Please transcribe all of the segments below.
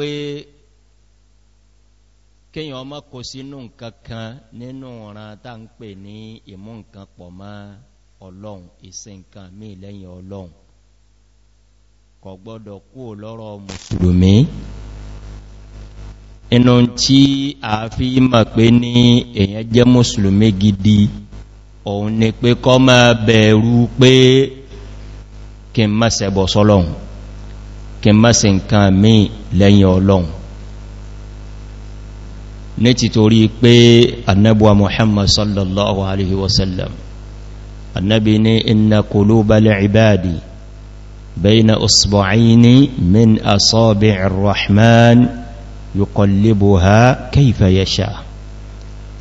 pé kíyàn ọmọ kò sínú nǹkan kan nínú ọ̀ràn tá ń pè ní ìmú nǹkan pọ̀ mọ́ ọlọ́run ìsìn nǹkan mí lẹ́yìn ọlọ́run kò gbọ́dọ̀ kú lọ́rọ̀ mùsùlùmí inú tí a fi mọ̀ pé ní èyàn jẹ́ mùsùlùmí gidi òun ni pé kó má bẹ̀rù pé kí n má ṣẹbọ sọ́lọ́run kí má ṣe nǹkan mí lẹ́yìn ọlọ́run ní títorí pé annabuwa muhammad sallallahu alaihi wasallam annabi ni inna qulubal ibadi bayna usbu'aini min asabi'ir rahman yuqallibuha kayfa yasha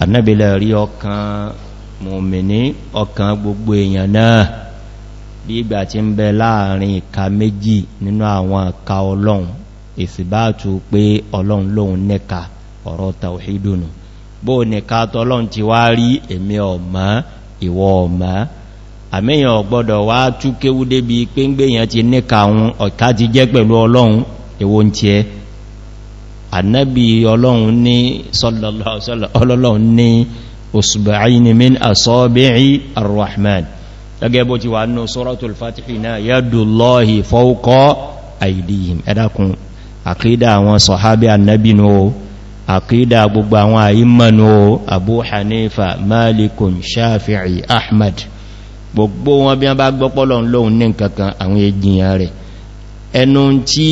annabi la rí ọkàn mùmìnì ọkàn gbogbo èèyàn náà bí ìgbà tí ń bẹ láàrin ìka méjì nínú àwọn àka ọlọ́run ìsìbáàtù pé ọlọ́run lóhun nẹ́ka ọ̀rọ̀ tàwíìdùnù bó nìka tọ́lọ́run ti wá rí èmi ọ̀má ìwọ ọ̀má àmìyàn ọ̀gbọ́dọ̀ wá tú kéwú débi pé ń gbèyàn ti nẹ́ka àwọn ọ̀ká ti jẹ́ pẹ̀lú ọlọ́run èwo gẹ́gẹ́ bó ti wà ní sọ́rọ̀tùl fatihi náà yadullahi fawqa aydihim ẹ̀dàkùn àkídà àwọn sọ̀hábí annabinu o àkídà gbogbo àwọn àyímanu o abu hanifa malikun shafi'i ahmad gbogbo wọn bí wọ́n bá gbọ́pọ̀lọ̀ lóhun ní nkankan àwọn èjìyàn rẹ̀ ẹnu tí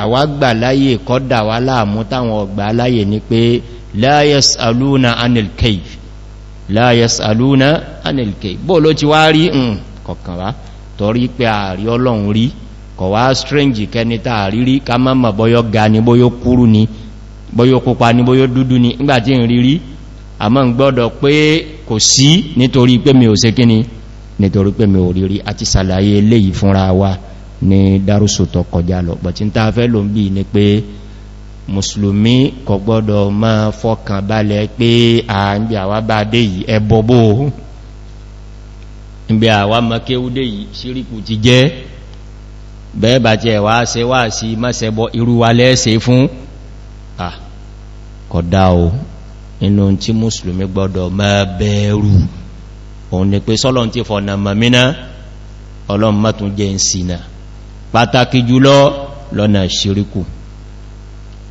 àwágbà láyé kọ́dà wà láàmú táwọn ọgbà láyé ni pé la yas'aluna anil la yasaluna anil kayf bó ló ti wá rí ǹ hmm, kọ̀kan wá torí pé ààrí ọlọ́run rí kọ̀ wá strange kẹni tààrí rí ká má mọ̀ bọ́yọ́ ga ni bóyó kúrú ni bóyó pupa ni bóyó dúdú ni ńgbàtí ń rí rí àmọ́ ń gbọ́dọ̀ pé kò sí nítorí pé mi ò ṣe kíni nítorí pé mi ò rí àti sàlàyé eléyìí fúnra wa ní dárúsù tó lọ bọ̀tí ń ta fẹ́ lò ni pé musulmi kò gbọ́dọ̀ ma fọkàn balẹ̀ pé a ń bí àwá bá dé yìí ẹbọ bó ń bí àwá makéwú dé yìí síríkù ti jẹ́ bẹ́ẹ̀bà tí ẹ̀wà se wà sí mọ́sẹ̀bọ irúwa lẹ́ẹ̀sẹ̀ fún à kọ̀dá o inú tí musulmi gbọ́dọ̀ ma bẹ̀rù òun ni pé sọ́lọ́n ti fọ̀nà mọ̀mínà ọlọ́mọ́tún jẹ́ ń sinà pàtàkì jùlọ lọ́nà síríkù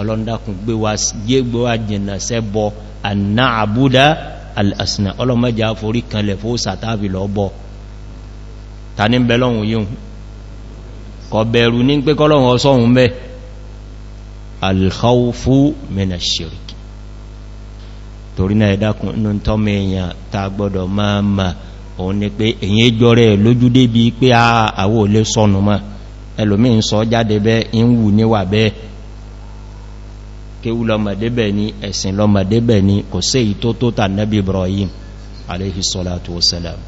ọlọ́ndàkùn gbé wa jìnà sẹ́bọ àná àbúdá al'asìnà ọlọ́mọjá forí kanlẹ̀ fó sàtàbí lọ́bọ̀ ta ní bẹ̀lọ́hun yíò kọ bẹ̀rù ní pé kọ́lọ́hun ọsọ́hun bẹ́ alkhaufu mena shirk torí náà ẹ̀dàkùn inú tọ́mọ èèyàn ta gbọ́dọ̀ máa ma òun ni pé èyí jọ rẹ̀ lójú débi pé àwọ̀ kéwú lọmọdébẹ̀ ni ẹ̀sìn lọmọdébẹ̀ ni kò sí ìtó tó tà nẹ́bí ibrahim alayhi salatu wasalam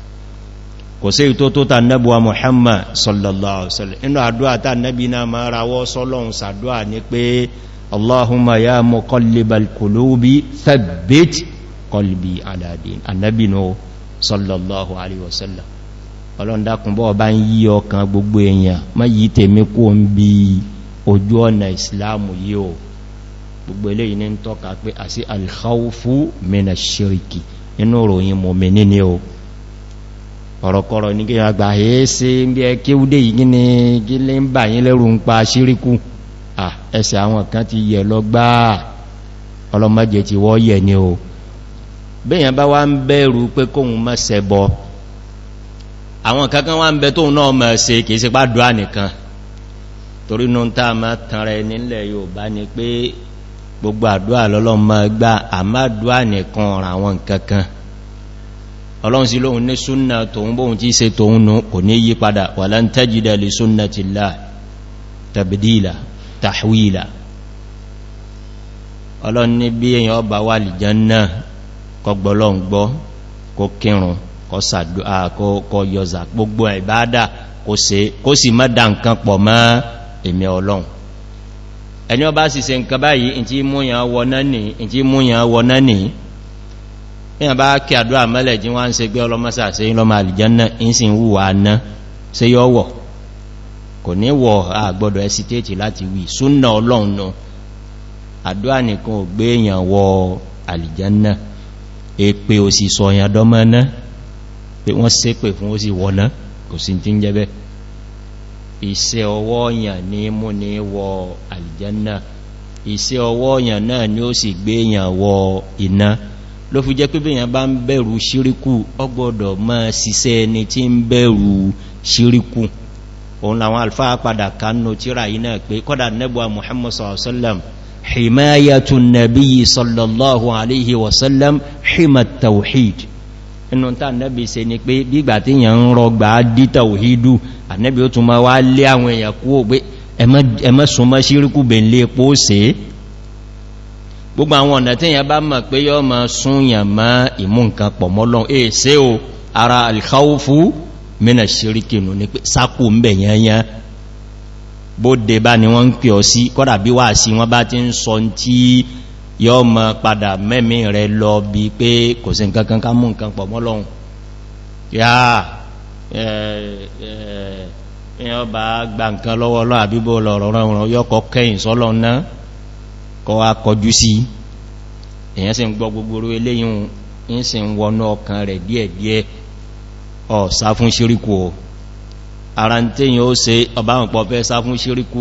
kò sí ìtó tó tà nẹ́bí wa muhammad sallallahu alaihi wasallam inú àdúwà tà nẹ́bí náà ma rawọ́ sọ́lọ́hun sàdúwà ní pé allahumma ya muqallibal qulubi thabbit qalbi ala din annabi no sallallahu ojú ọ̀nà ìsìláàmù yìí gbogbo eléyìí ní ń tọ́ka pé a sí alkhawfu mina shiriki inú ròyìn mọ̀mìnì ni o ọ̀rọ̀kọ̀rọ̀ ní kíyà gbà ẹ́ẹ́sẹ́ bí ẹ kí ó dé yìí ní gílé ń bà yín lẹ́rù ń pa ṣíríkù ẹsẹ̀ àwọn kan ti yẹ lọ gbáà ọlọ́mọ́jẹ ti wọ́ yẹ ni o bẹ́yàn tanra ẹni nílẹ̀ yóò bá ni pé gbogbo àdúwà lọ́lọ́run máa gbá àmádùá nìkan ọ̀rọ̀ àwọn nǹkankan ọlọ́run sí lóhun ní súnnà tóhun bóhun tí ṣe tóhun nù kò ní yí padà wà lan tajida li sunnatillah tabdila tahwila ọlọ́run ní bí èyàn ọba wà lìjánná kọgbọ́lọ́n gbọ́ kó kírun kó sàdúà kó yọzà gbogbo ẹni ọba sì ṣe nǹkan báyìí in tí múyàn wọná ní in tí múyàn wọná ní ìyàn bá kí àdúrà mẹ́lẹ̀ jí wọ́n ń se gbé ọlọ́mọ́sà sí ìlọ́mà àlìjánná in sì ń wùwà aná sí yọ́ wọ̀ kò ní wọ̀ àgbọ́dọ̀ ẹsitéètì láti wì súnà ọlọ́run iṣẹ́ ọwọ́ yàn ní mú ní wọ aljanna iṣẹ́ ọwọ́ yàn náà ni ó sì gbé yàn wọ iná ló fi jẹ́ pé bí yàn bá ń bẹ̀rù ṣíríkù ó gbọ́dọ̀ máa ẹni tí ń bẹ̀rù ṣíríkù òun làwọn alfáà padà kánú tíra iná pé kọ́dà nẹ́bùwa muhammad sallallahu alaihi wasallam himat inú tàà nẹ́bí se ni pé bígbà tí yàn ń rọgbà dítà òhìdú ànẹ́bí ó tún ma wá lé àwọn èèyàn kú ò pé ẹmọ́ súnmọ́ síríkù bè lè pó se gbogbo àwọn ọ̀nà tí yàn bá mọ̀ pé yọ́ ma súnyàn mọ́ ìmú nǹkan pọ̀ mọ́lọ́ yọ ma padà mẹ́mí rẹ lọ bí pé kò sí nǹkankan ká mú nǹkan pọ̀ mọ́lọ́un yá ẹ̀yàn bá gba nǹkan lọ́wọ́ lọ́ àbíbò lọ̀rọ̀ rọrùn yọ́kọ̀ kẹ́yìn sọ́lọ́ náà kọ́ wá kọjú sí èyàn sì ń gbọ́ gbogbo eléyìn ń sì ń wọnú ọkàn o ara ń tẹ́yìn ó se ọbáwọn pọ̀ fẹ́ sá fún ṣíríkù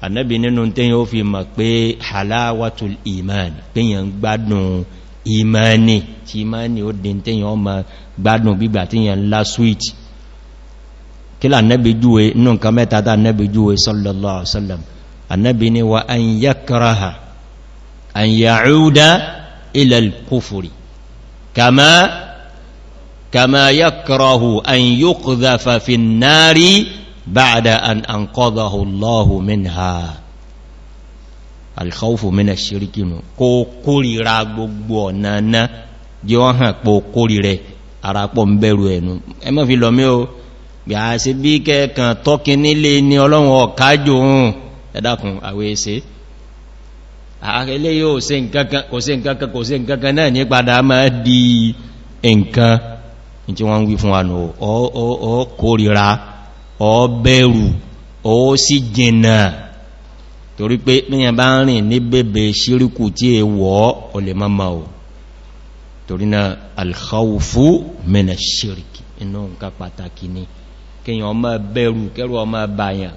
annabi nínú tí yóò fi mọ̀ pé halawatul iman pé yàn gbádùn imani tí imani ó dín tí yàn ọmọ gbádùn gbígbà tí yàn lá sweet kí là annabi júwe inú nǹkan mẹ́ta tá annabi júwe sallallahu alaihi wasallam annabi ni wa an yakraha an ya'uda ila al-kufri kama kama yakrahu an yuqdhafa fi an-nari بعد أن أنقذه الله منها الخوف من الشرك kó kórìíra gbogbo ọ̀nà náà jẹ́ wọ́n hàn pò kórìíra ara pọ̀ ń bẹ̀rù ẹnu ẹ má fi lọ mí o gbà sí bí kẹ́ẹ̀kan tọ́kí nílé ní ọlọ́run ọ̀kájò ohun ẹ̀dàkùn àwẹ́ ẹsẹ́ ààrẹlẹ́ yóò ṣe nǹkankan kò ṣe nǹkankan kò ṣe nǹkankan náà ní padà máa di nǹkan tí wọ́n ń wí fún wa nù ọ kórìíra ọ̀bẹ̀rù ó sì jìnà torí pé níyàn bá ń rìn ní bèbè ṣíríkù tí è wọ́ ọlẹ̀ mọ́mọ́ o torí na alkhawfu mẹ́nà ṣíríkì inú nǹkan pàtàkì ni kíyàn ọmọ bẹ̀rù kẹrù ọmọ bàyàn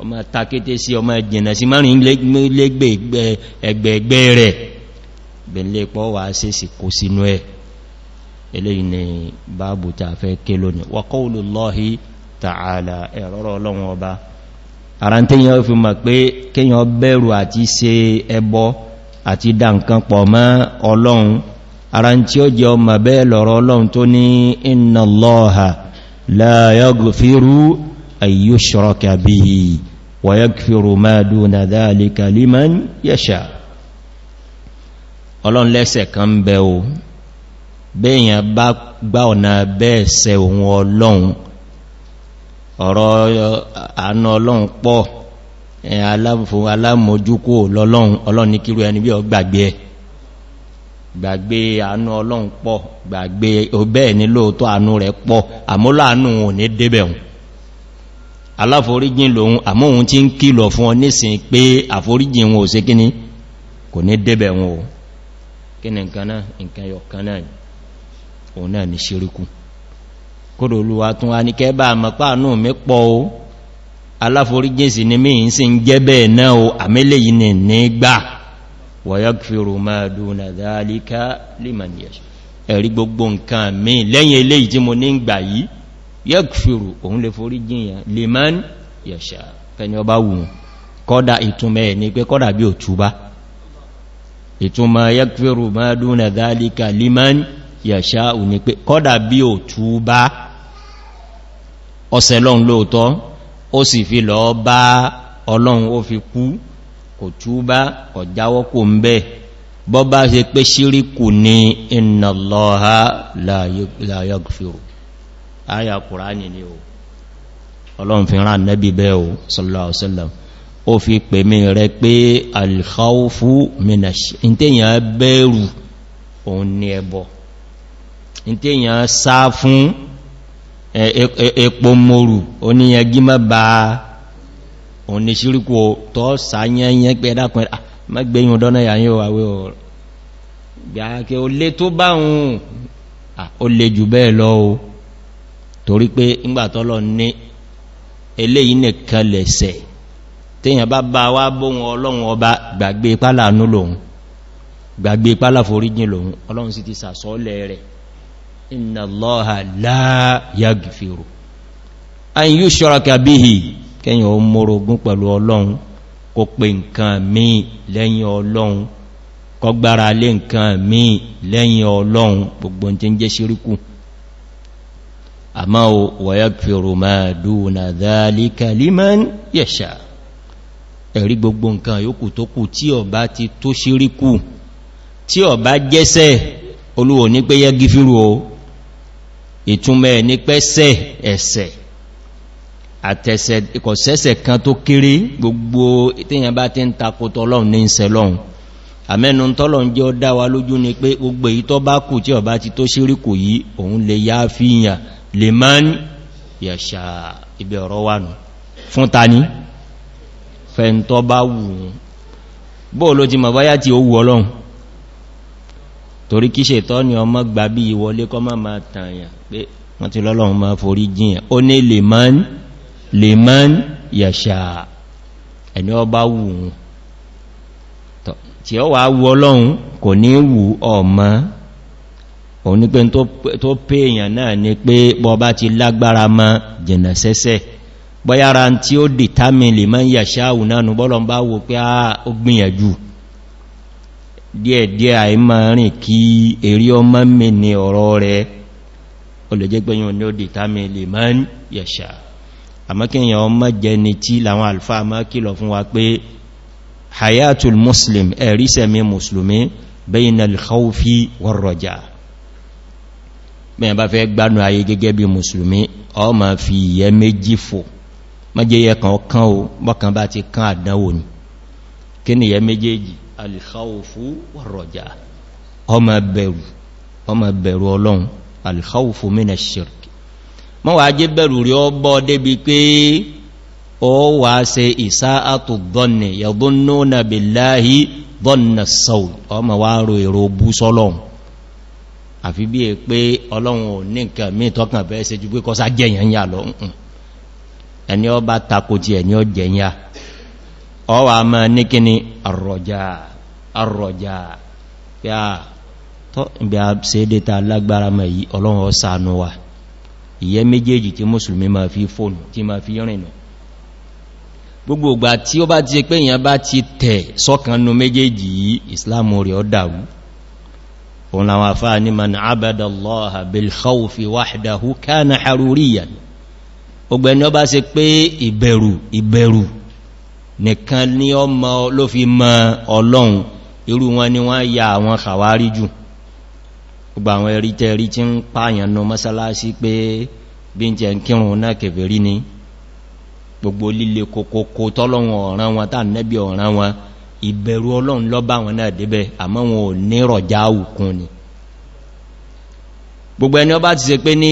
ọmọ takété sí ọmọ jìnà sí márùn ẹgbẹ̀ẹ̀gbẹ̀ rẹ̀ bẹ̀lẹ̀ pọ̀ wà sí sí kó sínú ẹ̀ eléyìn ni báàbù tàfẹ́ kélò ni wà ta'ala ẹ̀rọ̀rọ̀ ọlọ́run ọba ara tí yàn fi mọ̀ pé kíyàn bẹ̀rù àti ṣe ẹbọ àti dá nǹkan pọ̀ mọ́ ọlọ́run ara tí ó jẹ ọmọ bẹ́ẹ̀ lọ̀rọ̀ ọlọ́run tó ní inna allaha la yaghfiru bá gbá ọ̀nà bẹ́ẹ̀ sẹ òun ọlọ́run ọ̀rọ̀ àánà ọlọ́run pọ̀ aláfò alámójúkò lọ́lọ́run ọlọ́run ní kírò ẹni bí ọ gbàgbé ẹ gbàgbé àánú ọlọ́run pọ̀ gbàgbé ọbẹ́ ní lóòótọ́ àánú rẹ̀ pọ̀ àmúláàánú ò ní débẹ̀un aláforíjìn lòun àmóhun tí ń kìlọ̀ fún ọ nísìn pé àforíjìn wọn ò sí ni ṣeríkùn kódò olúwa tún wa ní kẹbà mọ̀pá náà mẹ́pọ̀ o aláforíjìnsì ni mí ń sì ń jẹ́ bẹ́ẹ̀ náà o àmẹ́lẹ̀ yìí ni nígbà wọ̀yọ́kfèrò máa dúnà dáálíká lèmàníyàṣì ẹ̀rí gbogbo nǹkan mi lẹ́yìn eléyìí tí mo ní ń gbà yìí yọ́kfèrò òun lè forí jìyàn lèmàníyàṣà fẹ́ni ọba wù lèmàníyàṣà ọ̀sẹ̀ lọ́n lóòtọ́ ó sì fi lọ bá ọlọ́run ó fi kú kò túbá kò jáwọ́ kò ń bẹ́ bọ́ bá ṣe pé ṣíríkù ní inna Allaha la yaghfiru àyà Kùránì ni o ọlọ́run fi rán nẹ́bí bẹ́ o sallallahu alaihi wasallam ó fi pè mí rẹ pé al-khawfu minash ìntẹ́yàn bẹ̀rù òun ni ẹbọ ìntẹ́yàn sá fún epo morù oníyàngí má bá òní síríkò tọ́ sàáyẹnyẹn pé ẹ̀dàkùn ẹ̀dà má gbẹ̀yìn ọdọ́nà yàáyìn òwàwé ọ̀rọ̀ gbàkẹ́ o lé tó bá hùn o lè jù bẹ́ẹ̀ lọ o torí pé ìgbàtọ́lọ ní eléyìí nìkan lẹ̀sẹ̀ tíyàn bá bá wá bóhun ọlọ́run ọba gbàgbé pálà nú lòun gbàgbé pálà lòun ọlọ́run sì ti rẹ̀ inna allaha la yaghfiru an yushraka bihi kẹ́yìn o mọ́rogún pẹ̀lú ọlọ́run kò pè nǹkan míì lẹ́yìn ọlọ́run kò gbára lé nǹkan míì lẹ́yìn ọlọ́run gbogbo tí ń jẹ́ ṣíríkù àmá o wa yaghfiru ma duna dhalika liman yasha ẹ̀rí gbogbo nǹkan yòókù tó kù tí ó ti tó ṣíríkù tí ó jẹ́sẹ̀ olúwo ní pé yẹ́ ìtúnmẹ̀ ní pẹ́sẹ̀ ẹ̀sẹ̀ àtẹ̀sẹ̀ ìkọ̀sẹ́sẹ̀ kan tó kéré gbogbo tíyàn bá ti ń takòtò ọlọ́run ní ìsẹ̀ lọ́run àmẹ́nu tọ́lọ̀n jẹ́ ó dáwà lójú ni pé gbogbo èyí tó bá kù tí ọba ti tó ṣíríkù yìí òun lè yá fíyàn lè máa ń yàṣà ibi ọ̀rọ̀ wà nù fún ta ní fẹ́ntọ́ bá wù ú bóò torí kí ṣe tọ́ ni ọmọ gbà bí ìwọlé kọ́ máa máa tààyàn pé wọ́n ti lọ́lọ́run máa forí jíyàn ó ní lèmán lèmán yàṣà ẹni ọba wù ún tí ó wà wù ọlọ́run kò ní wù ọmọ òun ní pé tó pé èèyàn náà ni pé bọba ti lágbára ma jẹ̀nà sẹ́sẹ́ bọ́yára tí ó dìtámi lèmán yàṣà ù náà nù bọ́lọ̀ díẹ̀díẹ̀ àìmọ̀ rìn kí èrí ọmọ mi ni ọ̀rọ̀ rẹ̀ olùjẹ́gbẹ̀yàn ni ó dìtàmì lè máa ń yẹ̀ṣà àmọ́kíyàn ọmọ jẹ ni tí làwọn alfáà máa kìlọ̀ fún wa pé hayatul muslim ẹ̀rísẹ̀mí musulmi bẹ́yìn alkhaufi wọ́rọ̀já mẹ́yàn bá fẹ́ gbánu ayé gẹ́gẹ́ bí fi ìyẹ méjì fò mọ́jẹ́yẹ kan kán o mọ́kàn bá ti kí ni ìyẹ méjèèjì alìkáòfú wàrọ̀já ọmọ bẹ̀rù ọmọ bẹ̀rù ọlọ́run alìkáòfú mínà shirk mọ́ wà jẹ́ bẹ̀rù rí ọgbọ́ débi pé ó wà se ìsá àtò dọ́nì yàdúnnú na bèláhí dọ́nà sọ́ù ọmọ wà rò èrò bú sọ́lọ́run àfi bí i pé ọlọ́run ò ọwà ma ní kíni àrọ̀já àrọ̀já pé à tọ́ ìgbà ṣe dẹ́ta lágbára mọ̀ yí ọlọ́run ọ̀sánú wa ìyẹ́ méjèèjì tí mùsùlùmí ma fi fóònù tí ma fi rìnà gbogbo ìgbà tí ó bá ti pé èyàn bá ti tẹ̀ sọ́kànnú méjèèjì yìí islam rẹ̀ ọ dàrú òun làwọn afá ní man abadallaha bil khawfi wahdahu kana haruriyan ogbẹni ọba ṣe pé ìbẹ̀rù ìbẹ̀rù nìkan ní ọmọ ló fi mọ ọlọ́run irú wọn ni wọ́n ya àwọn kàwárí jù gbogbo àwọn ẹ̀rí tẹ́rí tí ń pààyàn nù mọ́sálásí pé bí n jẹ kírùn náà kèfèrí ni gbogbo líle kòkòkò tọ́lọ́run ọ̀ràn wọn tàà nẹ́bí ọ̀ràn wọn ni gbogbo ẹni ọba ti se pé ní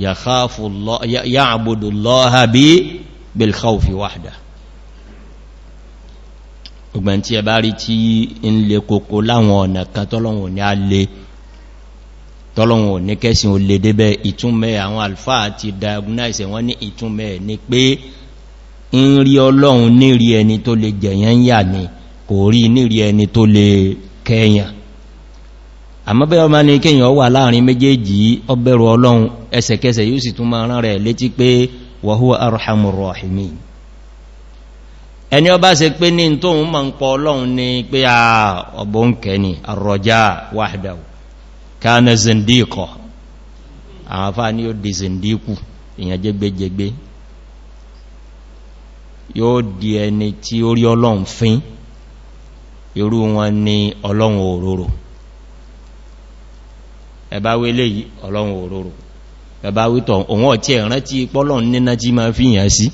ya'budu Allaha bí bilkhawfi wahda ọgbọ̀n tí ẹ rí tí ń lè kòkó láwọn ọ̀nà kan tọ́lọ́wọ̀n ní a lè tọ́lọ́wọ̀n ní kẹsìn ò lè débẹ̀ ìtúnmẹ́ àwọn alfáà ti diagnose wọ́n ní ìtúnmẹ́ ní pé ń rí ọlọ́run nírí ẹni tó lè jẹ̀yàn yà ní kò rí nírí ẹni tó lè kẹyàn àmọ́ bẹ́ ọmọ ní kíyàn wà láàrin méjèèjì ọbẹ̀rù ọlọ́run ẹsẹ̀kẹsẹ̀ yóò sì tún máa rán rẹ̀ létí pé wàhúwà arhamur rahimin ẹni ọba se pé ní tóhun ma ń pọ ọlọ́run ni pé a ọbọ̀ ń kẹni ni ó di zindiku ni ọlọ́run òróró ẹ̀bá wé léyìí ọlọ́run òróró ẹ̀bá wítọ̀ òun ọ̀tí ẹ̀rán tí pọ́lọ̀n níná jí máa fi yàn sí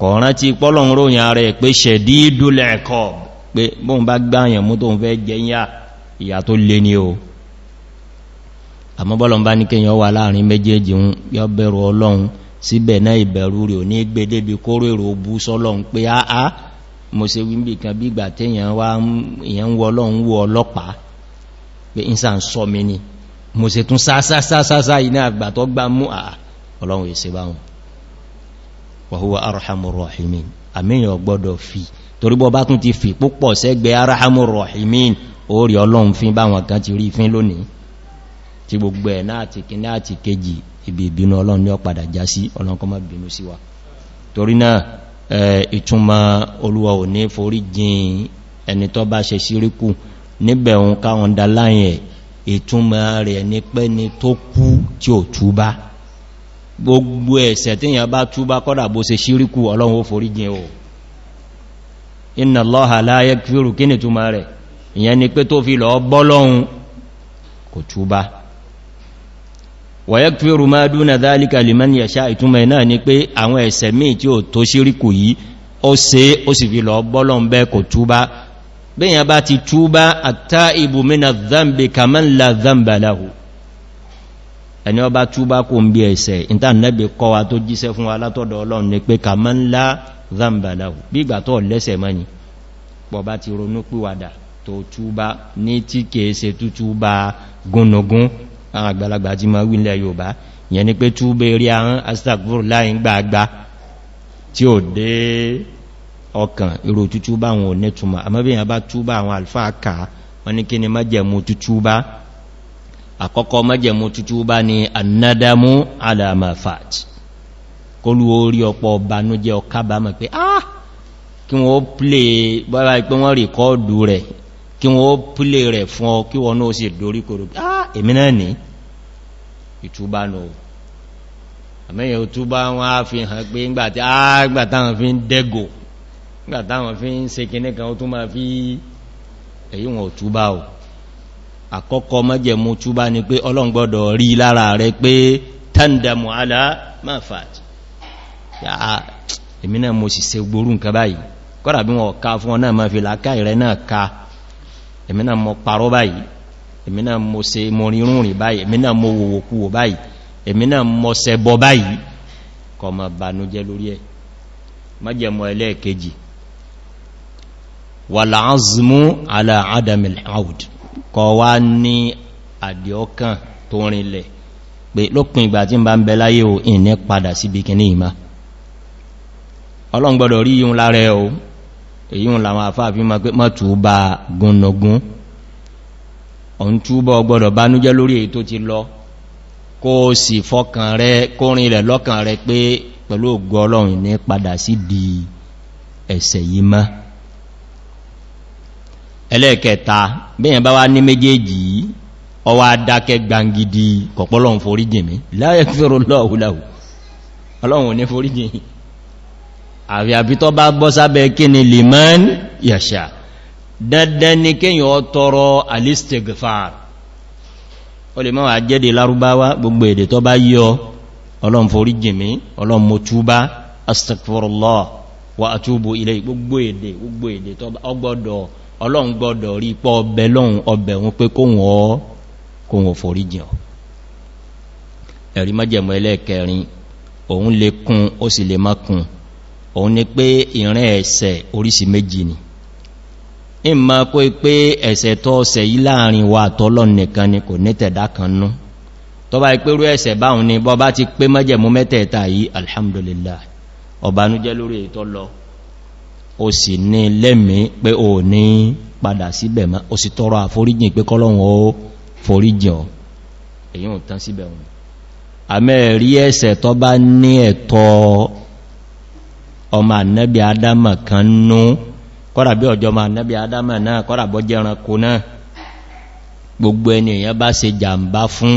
kọ̀ọ̀rán tí pọ́lọ̀n ròyìn ara ẹ̀ pé ṣẹ̀dí dúlẹ̀ ẹ̀kọ́ pé bóun bá gbáyàn mú tóun fẹ́ jẹyà ìyà tó lé ní o àmọ́bọ́lọ̀n bá ní kíyàn wà láàrin méjèèjì ń yọ bẹ̀rù ọlọ́run síbẹ̀ náà ìbẹ̀rù rẹ̀ ò ní gbé débi kóró èrò bú sọ́lọ́run pé áá mo se wímbì kan bí ìgbà tí èyàn wọ́ ọlọ́run wọ́ ọlọ́pàá pé ìsàn sọ mi ni mo se tún sáásásásásá iná àgbà tó gbá mú àà ọlọ́run èsè bá wọn wàhúwà arhamur rahimin àmìyàn gbọ́dọ̀ fi torí bọ́ bá tún ti fi púpọ̀ sẹ́gbẹ̀ arhamur rahimin orí ọlọ́run fi báwọn kan ti rí fín lónìí tí gbogbo ẹ̀ náà ti kíní àti kejì ibi ìbínú ọlọ́run ní ọ̀padà já sí ọlọ́run kò má bínú sí wa torí náà ìtumọ̀ olúwa ò ní ìtumọ̀ rẹ̀ ní pé ni tó kú tí ò túbá gbogbo ẹ̀ṣẹ̀ tí yàn bá túbá kọ́dà bó ṣe ṣíríkù ọlọ́run ó forí jìn o inna Allaha la yaghfiru kí ni túmọ̀ rẹ̀ ìyẹn ni pé tó fi lọ bọ́lọ́run kò túbá wa yaghfiru ma duna dhalika liman yasha ìtumọ̀ náà ni pé àwọn ẹ̀ṣẹ̀ míì tí ò tó ṣíríkù yìí ó bíyàn bá ti túbá àtà ìbò mínà zambi kàmánlá zamba láhù ẹni ọba túbá kò ń bí ẹ̀ṣẹ̀ ìntànẹ́bì kọwa tó jíṣẹ́ fún alátọ́dọ̀ ọlọ́run ni pé kàmánlá zamba láhù bí ìgbà tó lẹ́sẹ̀ mọ́ni pọ̀bá ti ronú pìwàdà tó túbá ní tí kèése tútúbá gúnnugún àwọn àgbàlagbà tí ma wílẹ̀ yóòbá yẹn ọkàn irò tútú bá wọn ò ní túnmà àmọ́bìyàn bá túbá àwọn alfáà ká wọ́n ní kí ni májẹ̀mú tútú bá àkọ́kọ́ májẹ̀mú tútú bá ni annádámú alamafat kólú orí ọpọ̀ ọbanújẹ́ ọkábàmọ̀ pé ah kí wọ́n plé bọ́lá ipé wọ́n rìkọ́ọ̀dù rẹ̀ kí wọ́n plé rẹ̀ fún ọ kí wọ́n náà sì dorí kòrò ah èmi náà ní ìtúbá náà àmẹ́yàn túbá wọ́n ah gbàtàwọn fi ń nígbà táwọn fi ń ṣe kinní kan ó tún máa fi èyí wọn ò túbá o àkọ́kọ́ májẹ̀mú túbá ni pé Ọlọ́run gbọ́dọ̀ rí lára rẹ pé tandamu ala ma fat ya èmi náà mo sì ṣe gboru nǹkan báyìí kódà bí wọn ká fún ọ náà máa fi làákà ìrẹ náà ká èmi náà mo parọ́ báyìí èmi náà mo ṣe wàláàzmú aláàdàmì al'aud kọ wá ní àdíọ́kàn tó rinlẹ̀ pé lópin ìgbà tí ń bá ń bẹ láyé o ìní padà sí bí kìíní ìmá ọlọ́ngbọ́dọ̀ rí yíun lára ẹ o èyíun làwọn àfáàfí ma pé mọ́tù bá gúnnogún ọ̀n túbọ̀ gbọ́dọ̀ bá nújẹ́ lórí èyí tó ti lọ kó sì fọ́kàn rẹ kó rinlẹ̀ lọ́kàn rẹ pé pẹ̀lú ògbọ́ ọlọ́run ní padà sí di ẹ̀sẹ̀ yìí máa ẹlẹ́ẹ̀kẹta bíyàn bá wá ní méjèèjì ọwá dákẹ́ gbangidi kọ̀pọ̀lọ́hun foríjìn mi la yaghfirullahu lahu ọlọ́run ní foríjìn àrí àbítọ́ bá gbọ́ sábẹ́ kí ni liman yasha dandan ni kíyàn tọrọ alistighfar ó lè máa jẹ́dẹ̀ lárúbáwá gbogbo èdè tó bá yíọ ọlọ́run foríjìn mi ọlọ́run mo túbá astaghfirullah wa ọgbọ́dọ̀ ọlọ́run gbọ́dọ̀ rí pọ́ ọbẹ̀ lọ́run ọbẹ̀ wọn pé kóhun ọ́ kóhun òfòrí jìn ẹ̀rí mọ́jẹ̀mọ́ ẹlẹ́ẹ̀kẹrin òun lè kún ó sì lè má kún òun ni pé ìrìn ẹ̀ṣẹ̀ oríṣi méjì ni ìmá kó pé ẹ̀ṣẹ̀ tó ọ̀ṣẹ̀ yí láàrin wa tọ́lọ́n nìkan ni kò ní tẹ̀dá kan nú tó bá ipérú ẹ̀ṣẹ̀ báhùn ni bọ́ bá ti pé mọ́jẹ̀mú mẹ́tẹ̀ẹ̀ta yìí alhamdulillah ọ̀bánújẹ́ lórí ètò lọ o sì ní lẹ́mí pé o ní padà síbẹ̀ ma o sì tọrọ àforíjìn pé kọ́lọ́run ó foríjìn èyí ò tán síbẹ̀ wọn àmẹ́rí ẹ̀sẹ̀ tó bá ní ẹ̀tọ́ ọmọ ànẹ́bí adama kan nú kọ́dà bí ọjọ́ ọmọ ànẹ́bí adama náà gbogbo bá se fún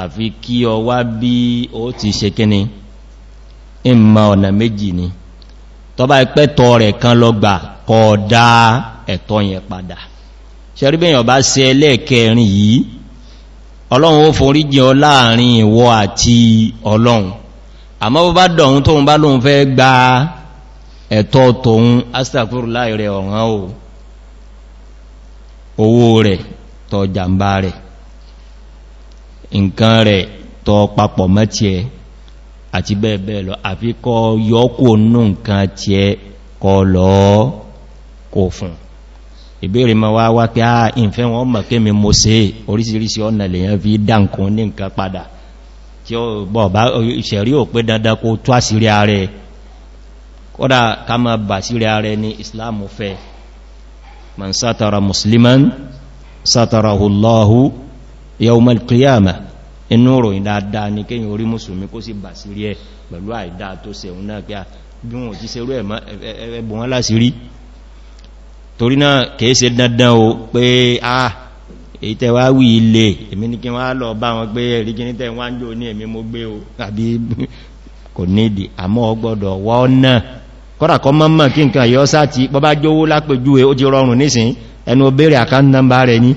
àfi kí ọ wá bí ó ti ṣe kíni ìmọ̀ ọ̀nà méjì ni tọba ìpẹ́tọ̀ rẹ̀ kan lọ gbà kọ̀ọ̀dá ẹ̀tọ́ yẹn padà ṣẹ̀ríbẹ̀yàn bá se ẹlẹ́ẹ̀kẹrin yìí ọlọ́run ó forí jẹ́ ọ láàrin ìwọ àti ọlọ́run àmọ́ bó bá dọ̀un tóun bá lóun fẹ́ gba ẹ̀tọ́ tóun astagfir rẹ̀ ọ̀ràn àti bẹ́ẹ̀bẹ́ẹ̀ lọ àfi kọ yọ́kù nù nǹkan tí ẹ kọ lọ kò fún ìbéèrè ma wá wá pé àà ah, ìfẹ́ wọn mọ̀ pé mi mo se orísìírísìí ọ̀nà lèyàn fi dáǹkan ní nǹkan padà tí ó bọ̀ bá ìṣẹ̀rí ò pé dandan kó tó àsírí ààrẹ kódà ká ma bà sírí ààrẹ ní islamu fẹ́ man sátara musliman sátara hullahu yawmal qiyamah inú ròyìn dáadáa ní kéyìn orí mùsùlùmí kó sì bà sírí ẹ̀ pẹ̀lú àìdá tó sẹ̀hún náà pé bí wọ́n ti sẹ́rú ẹ̀mọ́ ẹbùn wọn lásìrí torí náà kìí ṣe dandan o pé a èyí tẹwà wí ilé èmi ní kí wọ́n lọ bá wọn pé ẹ̀rí kí ní tẹ́ wọ́n jò ní èmi mo gbé o àbí kò nídi àmọ́ ọgbọ́dọ̀ wọ́n náà kọ́dà mọ́mọ́ kí nǹkan yọ́ sá bọ́bá jówó lápẹjúwe ó ti rọrùn nísìn ẹnu obèrè àkánnàmbà rẹ̀ ní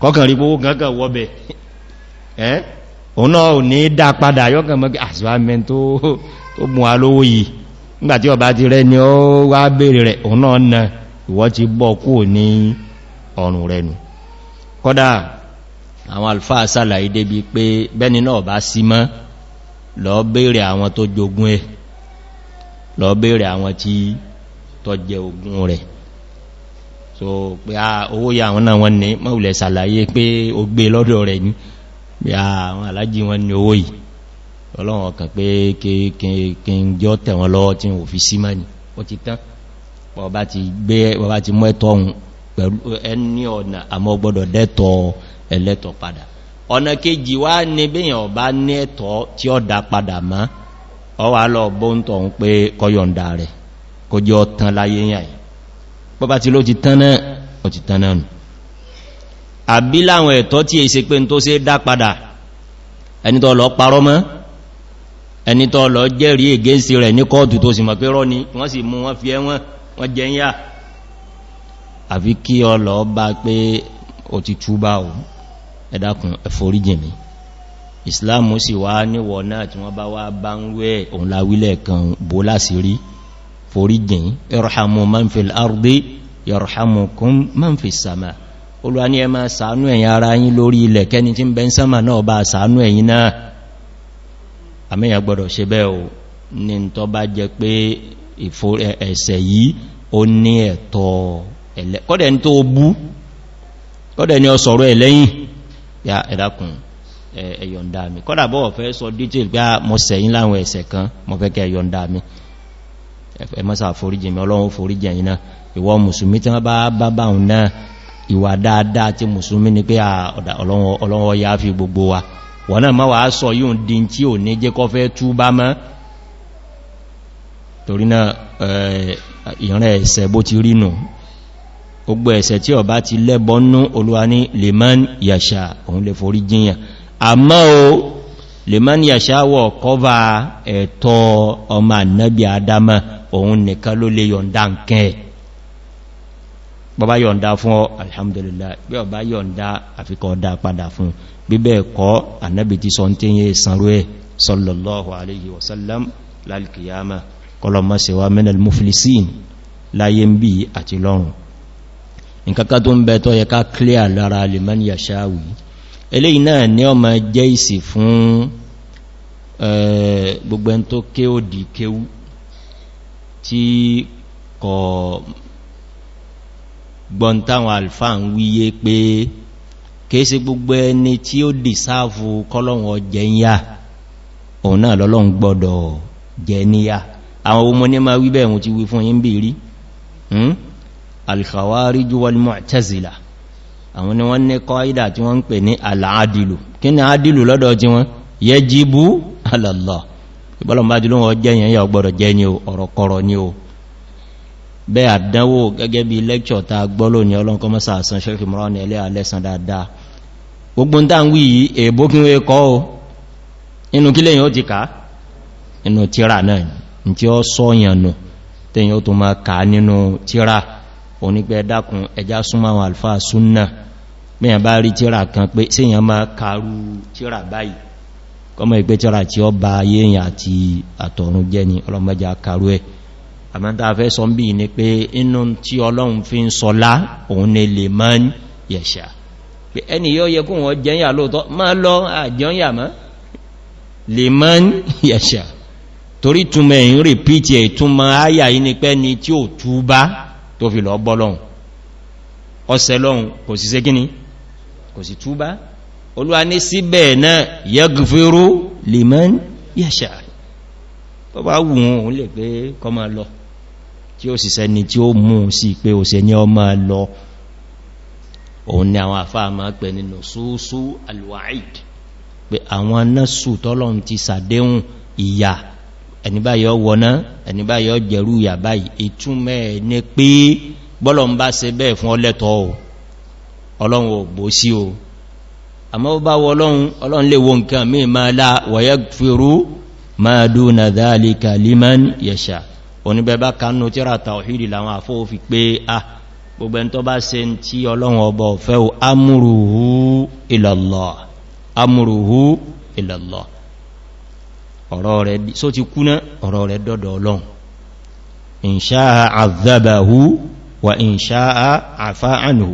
kọ́kànrí gbogbo gangan wọ́bẹ̀ òun náà ò ní dá padà yọ́kàn mọ́ àṣìwámẹ́ ah, tó mú a lówó yìí nígbàtí ọba ti rẹ ni ó wá bèèrè rẹ̀ náà na ìwọ́ ti bọ́ kú ní ọrùn kọ́dá àwọn alfáà sàlàyé débi pé bẹ́ni náà bá mọ́ lọ bèèrè àwọn tó lọ bèèrè àwọn tí ogun rẹ̀ so pé ah, owó àwọn náà wọ́n ní bí àwọn alájí wọn ní owó yìí ọlọ́run ọkàn pé kí n jọ tẹ̀wọ́n lọ́wọ́ tí n ò fi sí mọ́ ni ó ti tán bọ̀bá ti gbé bọ̀bá ti mọ́ ẹ̀tọ́ ohun pẹ̀lú ẹni ọ̀nà àmọ́ gbọ́dọ̀ dẹ́tọ̀ ẹlẹ́tọ̀ padà ọ̀nà kejì wá ní bíyàn ọba ní ẹ̀tọ́ tí ó dá àbí láwọn ẹ̀tọ́ tí èsẹ pé tó ṣe dá padà ẹni tó lọ parọ́ mọ́ ẹni lọ jẹ́rí ègéǹsì rẹ̀ ní kọ́ọ̀tù tó sì mọ̀ pé rọ́ ni wọ́n sì mú wọ́n fi ẹwọ́n wọ́n jẹ yá àfi kí ọ lọ bá pé o ti túbá o ẹ̀dàkùn ẹ̀foríjìnmí ìsìláàmù sì wá níwọ̀ ardi yarhamukum man fis sama olúwa ní ẹ máa ṣàánú ẹ̀yin ara yín lórí ilẹ̀ kẹni tí ń bẹ ń sánmà náà bá ṣàánú ẹ̀yin náà àmìyàn gbọdọ̀ ṣe bẹ́ẹ̀ o ní tó bá jẹ pé ẹ̀ṣẹ̀ yìí ó ní ẹ̀tọ́ ẹ̀lẹ́ kọ́dẹ̀ ní tó bú kọ́dẹ̀ ní ọsọ̀rọ̀ ẹ̀lẹ́yìn ya ẹ̀dàkùn ẹ̀yọ̀ndà mi kọ́dà bọ́ fẹ́ sọ detail pé ah, mọ́ sẹ̀yìn láwọn ẹ̀ṣẹ̀ kan mọ́ fẹ́ kẹ́ ẹ̀yọ̀ndà mi ìwà dáadáa ti musulmi ni pé ọlọ́wọ́ ya fi gbogbo wa wọ́n náà máa wà á sọ yíò dín tí ò ní jẹ́ kọ́ fẹ́ tú bá mọ́ torí náà eh, ìrìn ẹ̀sẹ̀ bó ti rínù gbogbo ẹ̀sẹ̀ tí ọba ti lẹ́bọnú olúwa ní lèman yàṣà òun lè forí jíyàn àmọ́ o lèman yàṣà wọ̀ kọ́va ẹ̀tọ́ ọmọ ànábì adama òun nìkan ló lè yọ̀ndá nkẹ́ẹ̀ bọ́bá yọ̀nda fún ọ alhamdulillah bí ọba yọ̀nda àfikọ̀ ọ̀dá padà fún bíbẹ̀ ẹ̀kọ́ annabi ti sọ ń tí yẹ ìsanrú ẹ̀ sallallahu alayhi wasallam lalkiyama kọlọmọsíwá minal muflisin láyé ń bí àti lọ́run nkankan tó ń bẹ tó yẹ ká clear lára liman yashawi eléyìí náà ní ọmọ gbọ́n táwọn alfa ń wíyé pé kéèsí gbogbo ẹni tí ó dì sáàfù kọlọ̀wọ̀ jẹ níyà òun náà lọ́lọ́un gbọ́dọ̀ jẹ níyà àwọn ohun mọ́ ní ma wíbẹ̀ ẹ̀hùn ti wí fún yí ń bí rí hmm? al-khawarij wal àwọn ni wọ́n ní kọ́ídà tí wọ́n ń pè ní al-adilu kí ni adilu lọ́dọ̀ tí wọ́n yajibu ala Allah ìbọ́lọ̀mbájú ló wọ́n jẹ́ yà ọgbọ̀rọ̀ jẹ́ ní ọ̀rọ̀kọ̀rọ̀ ní o bẹ́ àdánwò gẹ́gẹ́ bí lẹ́kṣọ̀ ta gbọ́lò ní ọlọ́nkọ́ mọ́sá àsán Sheikh Imran ní ẹlẹ́ alẹ́sàn dáadáa gbogbo ta ń wí yìí èbó kí wé kọ́ o inú kí lẹ́yìn ó ti ká inú tíra náà ní tí ó sọ́yànnù tẹ́yìn ó tó máa ká nínú tíra onígbẹ́ dákun ẹjá súnmáwọn alfa súnnà mẹ́yàn bá rí tíra kan pé síyàn máa kàrú tíra báyìí kọmọ ìgbé tíra tí ó bá yéèyàn àti àmọ́ta fẹ́ sọ bí ní pé inú tí ọlọ́run fi ń sọlá òun ni lè mọ́ yẹ̀ṣà pé ẹni yóò yẹ kún wọ́n jẹ́yà lóòtọ́ máa lọ àjọyà mọ́ lè mọ́ yẹ̀ṣà torí túnmẹ̀ ń rí pìtì ẹ̀túnmọ̀ áyà yìí ni pé ni tí ò túbá tó fi lọ bọ́lọ́run ọsẹ̀ lọ́run kò sì sé kíní kò sì túbá olúwa ní síbẹ̀ náà yẹ́gùfẹ́rú lè mọ́ yẹ̀ṣà tó bá wù wọn òun lè pé kọmọ lọ tí ó sì sẹni tí ó mú sí pé ó se ní ọmọ lọ òun ni àwọn àfáà máa pẹ̀ nínú sóòsó alwaid pé àwọn násù tọ́lọ́run ti sàdéhùn ìyà ẹnibáyọ wọná ẹnibáyọ jẹ̀rú ìyà báyìí ìtúnmẹ́ ní pé bọ́lọ̀ bá se bẹ́ẹ̀ fún ọlẹ́tọ̀ ọlọ́run ò dhalika liman yẹ̀ṣà oníbẹ̀bá kanú tíra tàwíìdì làwọn àfóòfi pé ah gbogbo ẹn tó bá ṣe ń tí ọlọ́run ọba ọ̀fẹ́ o amúrùhú ilallah amúrùhú ilallah ọ̀rọ̀ rẹ̀ só ti kúná ọ̀rọ̀ rẹ̀ dọ́dọ̀ ọlọ́run ìṣáà àzábàhú wà ìṣáà àfáànù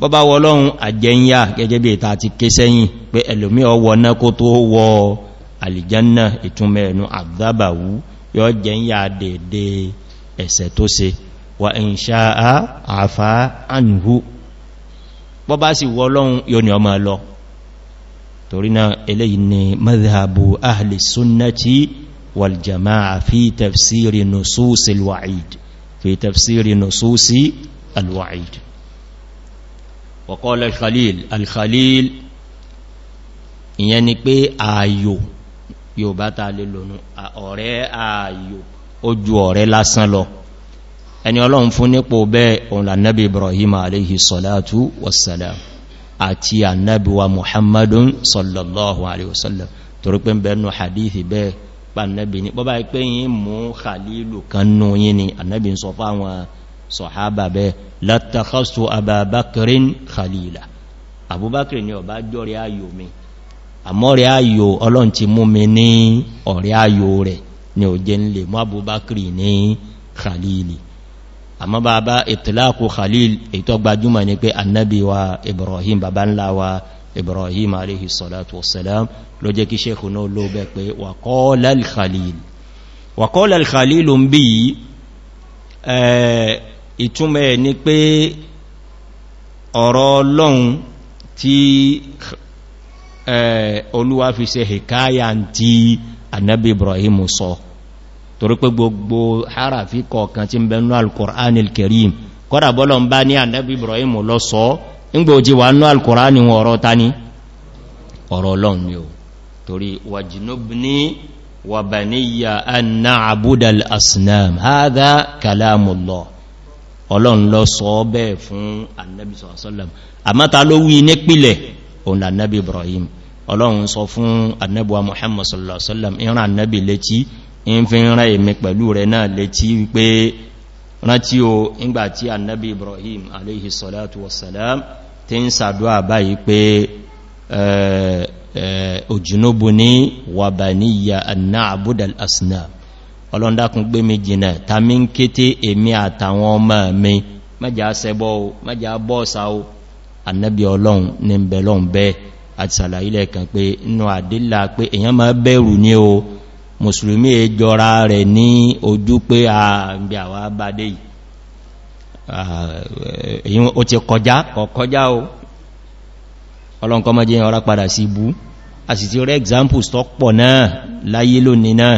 bọ́bá wọlọ́run àjẹyà gẹ́gẹ́ yóò jẹ ń yà dèdè ẹ̀sẹ̀ tó se wà ń ṣáà àfá ànìhú bọ́ bá sì wọ́lọ́un yóò ní ọmọ lọ torí náà eléyìn ni mazhabu ahli sunnati wal jama'a fi tafsiri nususi alwa'id fi tafsiri nususi alwa'id wa al-khalil ìyẹn ni pé ààyò yóò bá ta lè lónú ọ̀rẹ́ ààyò ojú ọ̀rẹ́ lásán lọ ẹni ọlọ́run fún nípò bẹ́ẹ̀ òun annabi ibrahim aléhì sọ́látú wasalam àti annabi wa muhammadun sallallahu alaihi wasallam torí pé bẹ̀ẹ̀nu hadithi bẹ́ẹ̀ pa annabi ní bọ́bá pé yìí mú khalilu kannú yìí ni annabi sọ fáwọn sọ̀hábà bẹ́ẹ̀ látàkásù ọba jọ́rẹ̀ ayò mi àmọ́rẹ̀ ayò ọlọ́n ti mú mi ní ọ̀rẹ́ ayò rẹ̀ ni ò jẹ́ ń lè mú abúbákìrì ní khalili àmọ́ bàbá ìtìláàkù khalil ètò gbajúmọ̀ ní pé annabi wa ibrahim bàbá ńlá wa ibrahim aléhì sọ́látù pé ọ̀rọ̀ ọlọ́run tí olúwa fi ṣe hikaya tí annabi ibrahim sọ torí pé gbogbo harafi kọ̀ọ̀kan tí ń bẹnu al-Qur'an il-Karim kọ́dà bọ́lọ̀ ń bá ní annabi ibrahim lọ sọ ńgbò jí wà nú al-Qur'an wọn ọ̀rọ̀ ta ní ọ̀rọ̀ ọlọ́run ni o torí wajnubni wa baniyya an ọlọ́run lọ sọ bẹ́ẹ̀ fún annabi sallallahu alaihi ló wí nípìlẹ̀ òun annabi ibrahim ọlọ́run sọ fún annabuwa muhammad sallallahu alaihi wasallam ìran annabi létí in fi ń rán èmi pẹ̀lú rẹ̀ náà létí wípé rántí o ìgbàtí annabi ibrahim alaihi salatu wasalam ti ń sàdúwà báyìí pé òjìnúbu ní wàbàníyà anna abúdal asna ọlọ́ndakùn gbé mi jìnà tàmí ń kété èmi àtàwọn ọmọ mi mẹ́jà sẹ́bọ́ mẹ́jà bọ́ọ̀sá o annabi ọlọ́run ní bẹ̀lọ́n bẹ́ àti sàlàyílẹ̀ kan pé inú àdílà pé èyàn máa bẹ̀rù ní o musulmi è e jọra rẹ̀ ní ojú pé a gbí àwà bádé yìí o ti kọjá kọkọjá o ọlọ́nkọ́ mọ́ jẹ́ ọ̀rá padà sí ibú a sì ti rẹ́ examples tó pọ̀ náà láyé lónìí náà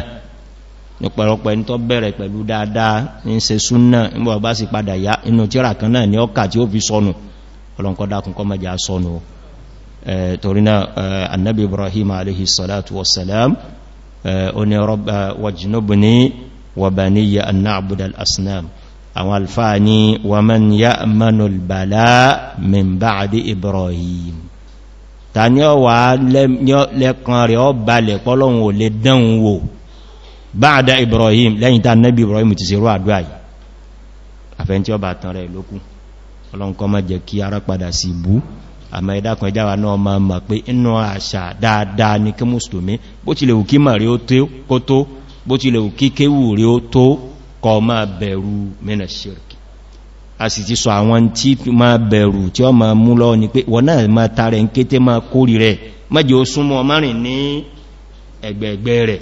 nípẹ̀rọpẹ̀ ní tó bẹ̀rẹ̀ pẹ̀lú dáadáa ní se súnnà nígbà bá sì padà yá inú tíra kan náà ní ọkà tí ó fi sọnù so ọlọ́nkọ́ dákùn kọ́ mẹ́jà sọ́nù torina annabi ibrahim alaihi salatu wasalam oní rọ́bà wàjínúbù ní wàbàníyà annáàbùdal asnam àwọn alfáà ni wà mẹ́n yá mẹ́nul bàlá min báàdì ibrahim ta ni ọ wà lẹ́kan rẹ̀ ọ balẹ̀ pọ́lọ́hun lè dánwò wò báàdà ibrahim lẹ́yìn ta annabi ibrahim ti ṣe rú àdúrà yìí àfẹ́ tí ọ bá tán rẹ̀ lókún ọlọ́nkọ́ má jẹ́ kí ara padà sí ìbú àmà ìdákan ìjáwà náà ma mọ̀ pé inú àṣà dáadáa ní kí mùsùlùmí bó ti lè wù kí mà rí ó tó bó ti lè wù kí kéwù rí ó tó kọ ma bẹ̀rù mẹ́nà ṣírkì a sì ti sọ àwọn tí ma bẹ̀rù tí ọ ma mú lọ ni pé wọ́n náà ma tarẹ̀ ń kété ma kórì rẹ̀ mẹ́jẹ́ ó súnmọ́ márìn ní ẹgbẹ̀ẹ̀gbẹ̀ rẹ̀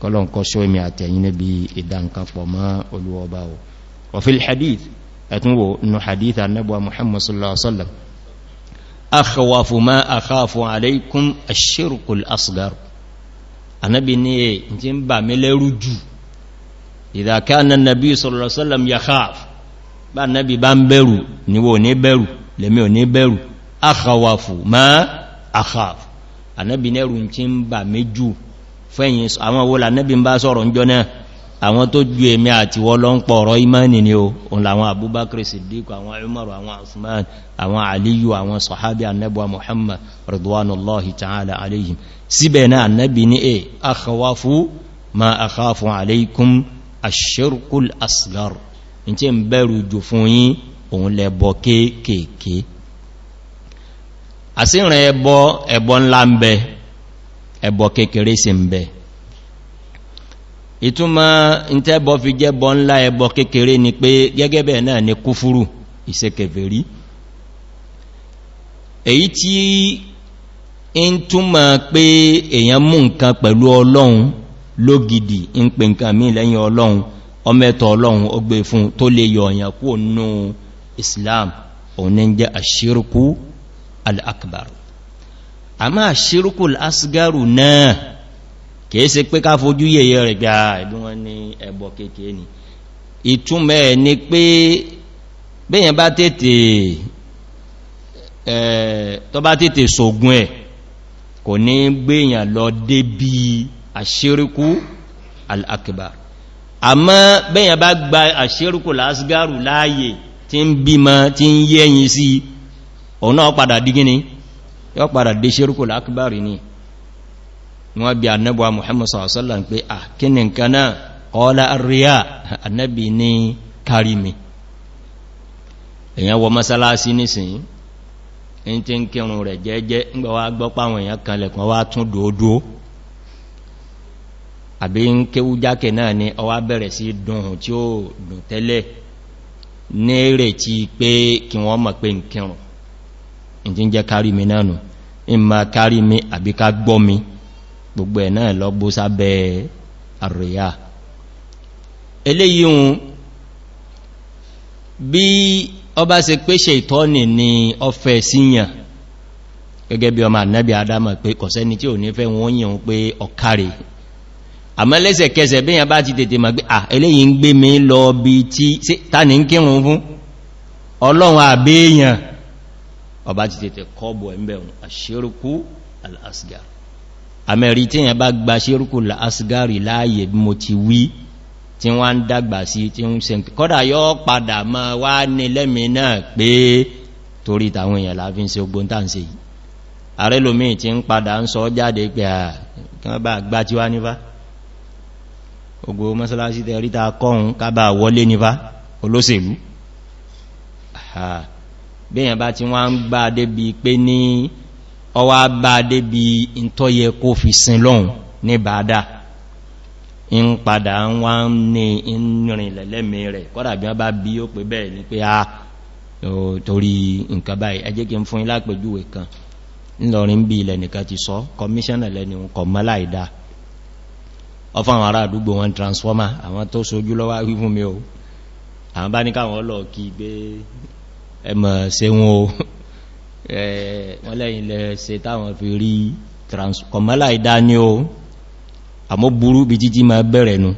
kọlọ́nkọ́ sọ ìmì àtẹ̀yìn ẹ̀túnwò nù haditha nabuwa muhammad sallallahu alaihi wasallam akhawafu ma akhafu alaikum ashirkul asgar anabi ni e tí ń bà mí lẹ́rú jù idha kana nabi sallallahu alaihi wasallam yakhaf bá nabi bá ń bẹ̀rù níwò ní bẹ̀rù lèmi ò ní bẹ̀rù akhawafu ma akhafu anabi nẹ́rù tí ń bà mí jù fẹ́yìn àwọn owó la nabi sọ̀rọ̀ ń náà àwọn tó ju èmì àti wọ́lọ́ ń pọ̀ ọ̀rọ̀ imani ni o òun làwọn abubakar siddiq àwọn umaru àwọn usman àwọn aliyu àwọn sahabi annabuwa muhammad radwanullahi ta'ala alayhim síbẹ̀ na annabi ni e eh, akhawafu ma akhafu alaykum ashirkul asgar in ti n bẹ̀rù jù fún yín òun lẹ́bọ kéèkéèké àsìnrìn ẹbọ ẹbọ ńlá ń bẹ ẹbọ kékeré sí ń bẹ ìtúnmọ̀ ìtẹ́bọ̀ fi jẹ́bọ̀ ńlá ẹbọ kékeré ni pé gẹ́gẹ́ náà ni kúfúrù ìṣẹ́kẹ̀fẹ̀rí èyí tí ń túnmọ̀ pé èyàn mú nǹkan pẹ̀lú ọlọ́run lógidi ń pè nǹkan mí lẹ́yìn ọmẹ́tọ̀ ó gbé e fún tó lè yọ islam kìí ṣe pé ká fojú yẹyẹ rẹ̀ gbà ẹ̀bí wọn ní ẹbọ kéèkéé ni ìtúnmẹ̀ ni pé bẹ́yàn bá tètè tó bá tètè sògùn ẹ̀ kò ní gbéyàn lọ débi àṣíríkú al-akbar àmọ́ bẹ́yàn bá gba àṣíríkù lásgárù láàyè tí ń bímọ tí ń yẹ́yìn sí ọ̀nà padà dí wọ́n bí annabuwa muhammad sallá pé à ah, kí ni nǹkan náà kọ́ọ́lá àríyà annabi ní karimi èyàn wọ masalasi nísìnyí in ti ń kírun rẹ̀ jẹ́jẹ́ ngbà wá gbọ́pàwọn èyàn kan lẹ̀kùn wá tún dòódó àbí ń kéwú jákè náà ni ọwá bẹ̀rẹ̀ sí dùn tí ó dùn tẹ́lẹ̀ ní ìrètí pé kí wọ́n mọ̀ pé ń kírun karimi náà nù ìmà karimi àbíká gbọ́mi gbogbo ẹ̀ náà lọ bó sábẹ́ àríyá eléyìí bí ọba ṣe pé ṣe ìtọ́nì ni ọfẹ́ síyàn gẹ́gẹ́ bí ọmọ ànábì adama pé kọ̀sẹ́ni tí ò ní fẹ́ wọ́n yìí pé ọkàrì àmọ́ lẹ́sẹ̀kẹsẹ̀ bí yàn bá ti tètè ma gbé à eléyìí ń gbé mi lọ bí tí tàní ń kírun fún ọlọ́run àbẹ́yàn ọba ti tètè kọ́bọ̀ ẹ̀mẹ́rún àṣírùkú al àmẹ́rí tí èyàn bá gba ṣírùkù asgari láàyè bí mo ti wí tí wọ́n ń dàgbà sí tí ń se kọ́dà yóò padà ma wá ní lẹ́mì náà pé torí tàwọn èèyàn láàfin sí ogbón tàà ń se yìí ààrẹ lómi tí ń padà ń sọ jáde pé à kán bá gbá tí wá nífá ogbó mọ́sálásí bí èèyàn bá ti wọ́n ń gbá débi pé ní ọwá bá débi ìntọ́yẹ kó fi sin lọ́hun ní bàádá in padà ń wá ń ní ìrìn lẹ̀lẹ́mẹ́ rẹ̀ kọ́dà bí wọ́n bá bí ó pé bẹ́ẹ̀ ní pé a torí nǹkan báyìí ẹjẹ́ kí n fún ilá pẹ̀júwe kan ńlọrin bí ilẹ̀ nìkan ti sọ kọmíṣánà lẹ́ni kọ̀ mọ́lá ìdá àwọn ará àdúgbò wọn transformer àwọn tó sojú lọ́wọ́ wí mi o àwọn bá ní káwọn lọ kí gbé ẹmọ̀ ṣe wọ́n lẹ́yìn lẹ ṣe táwọn fi rí kọmọ́lá ìdá ní o àmó burú bí títí ma bẹ̀rẹ̀ nù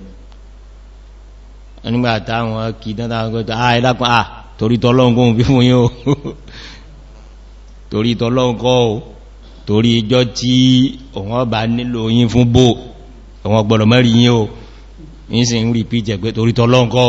nígbà táwọn kì dáadáa ah ìdákan ah torí tọ́lọ́nkún bí fún yíò torí tọ́lọ́nkọ́ o torí ìjọ tí òun ọba nílò yín fún bó òun ọgbọ̀lọ̀mọ́rí yín o yín sì ń rí pí jẹ pé torí tọ́lọ́nkọ́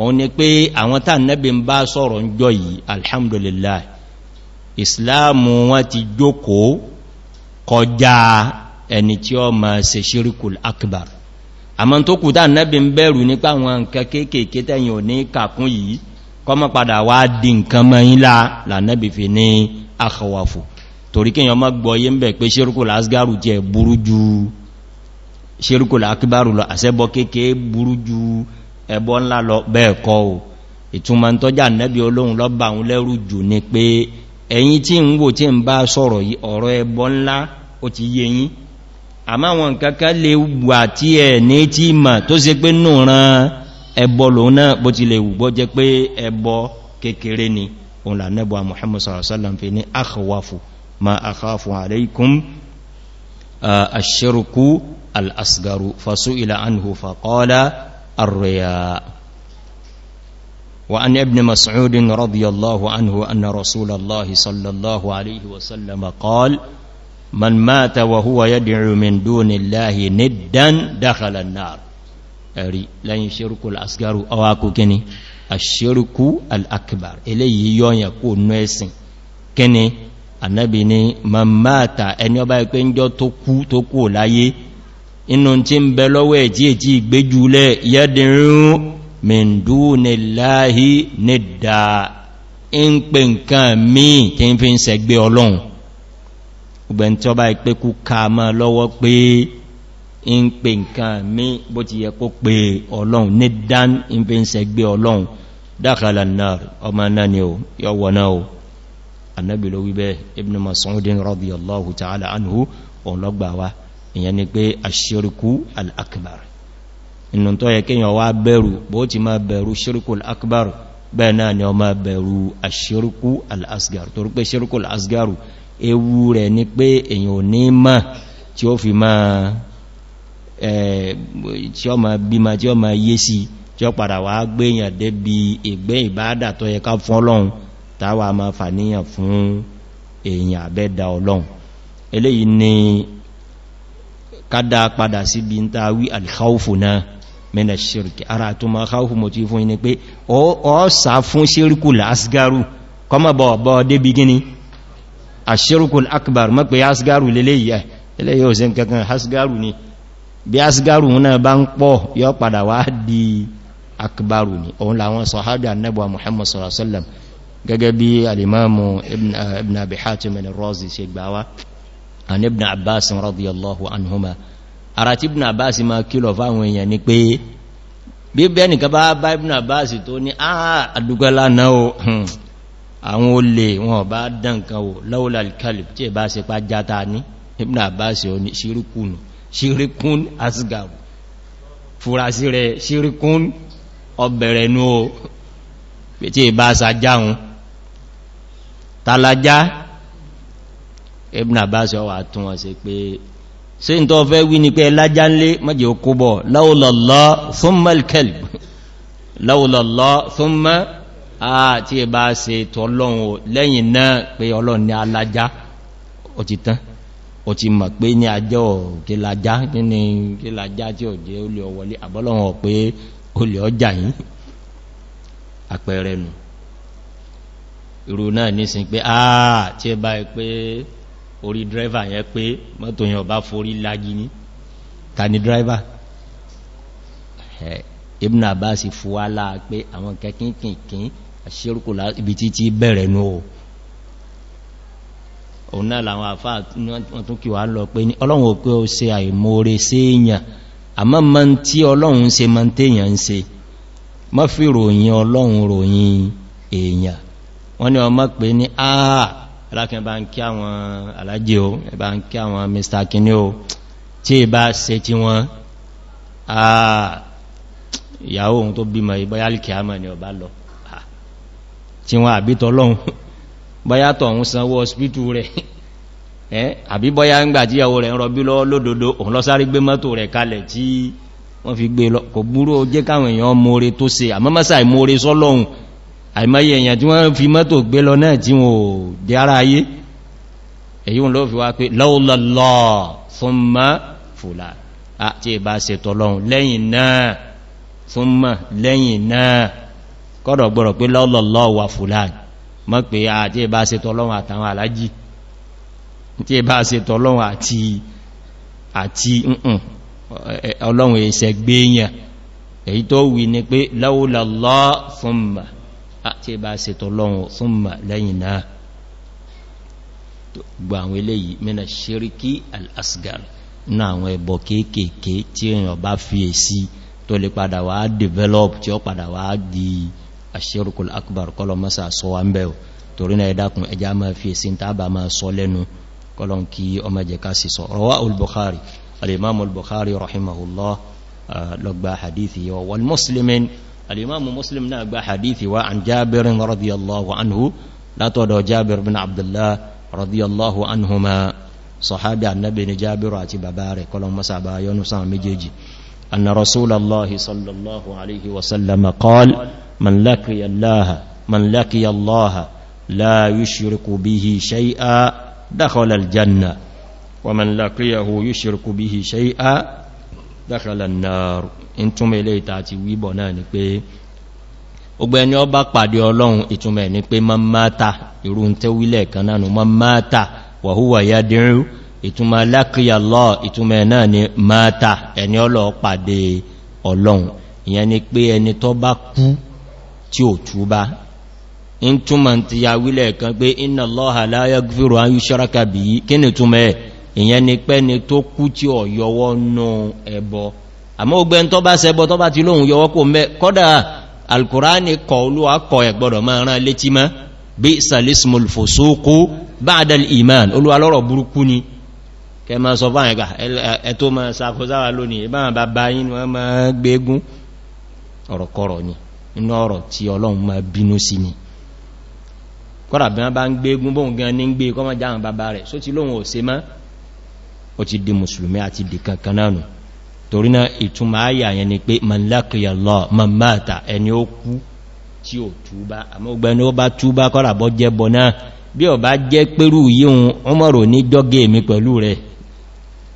òun ni pé àwọn tàà nẹ́bí ń bá sọ̀rọ̀ ń jọ yìí alhamdulillah islamu wọn ti jókòó kọjá ẹni tí ó ma ṣe shirikul akbar àmọ́ tó kù tàà nẹ́bí ń bẹ̀rù nípa àwọn nǹkan kéèkèé tẹ́yìn ò ní kàkún yìí kọmọ padà wá dì nǹkan mọ́yínlá lànẹ́bí fi ní akhawafu torí kíyàn mọ́ gbọ́yé ń bẹ̀ pé shirikul asgaru jẹ́ burú lọ àṣẹ́bọ kéèkéé burú ju ẹ̀bọ́ ńlá lọ bẹ́ẹ̀ kọ́ o ìtumọ̀ tó jà nẹ́bí olóhun lọ bá òun lẹ́rù jù ní pé ẹ̀yin tí ń wò tí ń bá sọ̀rọ̀ yìí ọ̀rọ̀ ẹbọ́ ńlá ó ti yé yín àmá wọn kankan lè wà tí ẹ̀ ní tí mà tó se pé nù ran ẹbọ lòun náà bó ti lè wùgbọ́ jẹ pé ẹbọ kékeré ni الرياء وأن ابن مسعود رضي الله عنه أن رسول الله صلى الله عليه وسلم قال من مات وهو يدعو من دون الله ندا دخل النار أري لن يشرك الأسكار أواكو كني الشرك الأكبر إليه يون يكون نويسن كني النبي ni man mata ẹni ọba ẹgbẹ́ ń jọ tó inú tí ń bẹ lọ́wọ́ ẹ̀ tí èjì ìgbéjúlẹ̀ yẹ́dìnrún mìndúniláhí nìdá ń pè nǹkan míì tí ń fi ń sẹgbé ọlọ́run ọgbẹ̀n tí ó bá ìpé kú ká mọ́ lọ́wọ́ pé ń pè nǹkan mí bó ti yẹ kó pé ọlọ́run ní dán ń fi ń sẹgbé ọlọ́run dákàlà náà ọmọ náà ni ó yọwọ́ náà ó annabi ló wíbẹ̀ ibn mas'udin radiyallahu ta'ala anhu òun lọ́gbà wa ìyẹn ni pé aṣíríkú al'akbar inú tó yẹ kíyàn wá bẹ̀rù bó ti máa bẹ̀rù ṣíríkú al'akbar bẹ́ẹ̀ náà ni ọ máa bẹ̀rù aṣíríkú al'asgar torí pé ṣíríkú al'asgar ewu rẹ̀ ni pé èyàn ò ní mọ̀ tí ó fi máa tí ó máa bímọ tí ó máa yé sí tí ó padà wá gbéyàn débi ìgbé ìbádà tó yẹ ká fún ọlọ́run táwà máa fàníyàn fún èèyàn àbẹ́dà ọlọ́run eléyìí ni kádá padà sí bí n taa wí alkhaufu náà mẹ́nà ṣirki ara tó ma khaufu mo ti fún yí ni pé ọ sá fún ṣirku lásgáru kọmọ bọ̀ débi gini a ṣirku akbar mọ́ pé asgáru lélẹ́yìí eléyìí ò sí nǹkankan asgáru ni bí asgaru náà bá ń pọ̀ yọ padà wá di akbaru ni òun làwọn sọ̀hábí annabuwa muhammad sallallahu alaihi wasallam gẹ́gẹ́ bí alimamu ibn abi hatim al-razi ṣe gbáwá an ibn abbas radiyallahu anhuma ara ti ibn abbas ma kìlọ̀ fáwọn èèyàn ni pé bí bẹ́ẹ̀ni ká bá bá ibn abbas tó ní àádúgbẹ́lá náà o hmm. àwọn olè wọn bá dánkan o lawla al-kalb tí ẹ bá ṣe pa jata ní ibn abbas o ní ṣirikun ṣirikun asgar furasi rẹ̀ ṣirikun ọbẹ̀rẹ̀ nú o tí ẹ sa jáhun talaja ibn abbas ọwà tún wọn sí pé sí n tó fẹ́ wí ní pé lájá nlé mọ́jẹ̀ okúbọ̀ láwùlọ́lọ́ thumma al-kalb láwùlọ́lọ́ thumma àti ìbá se tọ́lọ́run lẹ́yìn náà pé ọlọ́run ní alájá ó ti tán ó ti mọ̀ ní ajọ́ pé àà tí ẹ bá pé orí driver yẹn pé mọ́tò yẹn ọba forí lági ní ta ni dírẹ́fà Ibn Abbas fúwá láà pé àwọn kẹkínkìnkín àṣírùkù ibi títí bẹ̀rẹ̀ nú o òun náà làwọn àfá wọ́n tún kí wà lọ pé ní ọlọ́run ò pé ó ṣe àìmóore sí èèyàn àmọ́ mọ́ tí ọlọ́run ṣe mọ́ téèyàn ń ṣe mọ́ fi ròyìn ọlọ́run ròyìn èèyàn wọ́n ní ọmọ pé ní àà alákan bá ń kí àwọn alájẹ́ o bá ń kí àwọn mr kini o tí bá ṣe tí wọ́n ìyàwó ohun tó bímọ̀ ìbáyálìkì àmà ni ọba lọ tí wọ́n àbítọ̀ lọ́hun báyátọ̀ òun sanwó ọsibítù rẹ̀ àbí bọ́yá ń gbà tí ìyàwó rẹ̀ ń rọbí lọ lódodo òun lọ sáré gbé mọ́tò rẹ̀ kalẹ̀ tí wọ́n fi gbé lọ kò búrú ó jẹ́ káwọn èèyàn mọ́re tó se àmọ́mọ́sà ìmọ́re sọ́lọ́hun àìmáyé èèyàn tí wọ́n fi mọ́tò gbé lọ náà tí wọ́n dé ara ayé èyí wọn ló fi wá pé lọ́ọ̀lọ́lọ́ fúnmá fúlà àti ìbá ṣètò lọ́hun lẹ́yìn náà fúnmá lẹ́yìn náà kọ́dọ̀ gbọ́rọ̀ pé lọ́ọ̀lọ́lọ́ wà fúlà mọ́ pé àti ìbá ṣètò lọ́wọ́ súnmà lẹ́yìn náà gbà àwọn eléyìí mẹ́nà ṣeríkí al'asgar náà àwọn ẹbọ kéèkèé tí èyàn bá fi èsí tó lè padà wá develop tí ó padà wá di aṣírùkùl akbar kọlọ mọ́sà sọ wá ń bẹ̀ torí náà ẹ̀dàkùn ẹjá máa fi èsí tábà máa sọ lẹ́nu kọlọ kí ọmọ jẹ́ká sì sọ الإمام مسلم نابا حديثي وعن جابر رضي الله عنه لا تودو جابر بن عبد الله رضي الله عنهما صحابي النبي جابر أتي ببارك ولهم مسعبا ينسان مجيجي أن رسول الله صلى الله عليه وسلم قال من لقي الله من لقي الله لا يشرك به شيئا دخل الجنة ومن لقيه يشرك به شيئا dakhala an-nar ìtumọ̀ ilé ìta àti wíbọ̀ náà ni pé ogbẹ́ ni ọ bá pàdé ọlọ́run ni pé mata irú ń tẹ́ kan náà man mata wa ya yad'u ìtumọ̀ laqiya Allah náà ni mata ẹni ọlọ́ pàdé ọlọ́run ni pe ya kan ìyẹn ni pé ni tó kú tí ọ̀ yọwọ́ nù ẹbọ àmọ́ ogbẹ́ tó bá ṣẹbọ tó bá ti lóhun yọwọ́ kò mẹ́ kọ́dà alkùránì kọ olúwa kọ ẹ̀gbọ́dọ̀ máa rán létí mọ́ bí salismul fòsókó báadal iman olúwa lọ́rọ̀ burúkú ni kẹ ma sọ fáyẹ̀ gà ẹ̀tọ́ ma sàkózáwà bá bá bá yín ma gbégún ọ̀rọ̀kọ̀rọ̀ ni inú bóhun gan ní ń gbé kọ́mọ̀ jáhùn bàbá rẹ̀ só ti lóhun ò se mọ́ ó ti di musulmi àti di kankan náà torí náà ìtumọ̀ ayà yẹn ni pé man laqiya Allah man mata ẹni ó kú tí ó túbá àmọ́ ọgbẹni ó bá túbá kọ́rà bọ́ jẹ́bọ náà bí ó bá jẹ́ pẹ́rú yíhun ọmọrò ní jọ́gẹ́ mi pẹ̀lú rẹ̀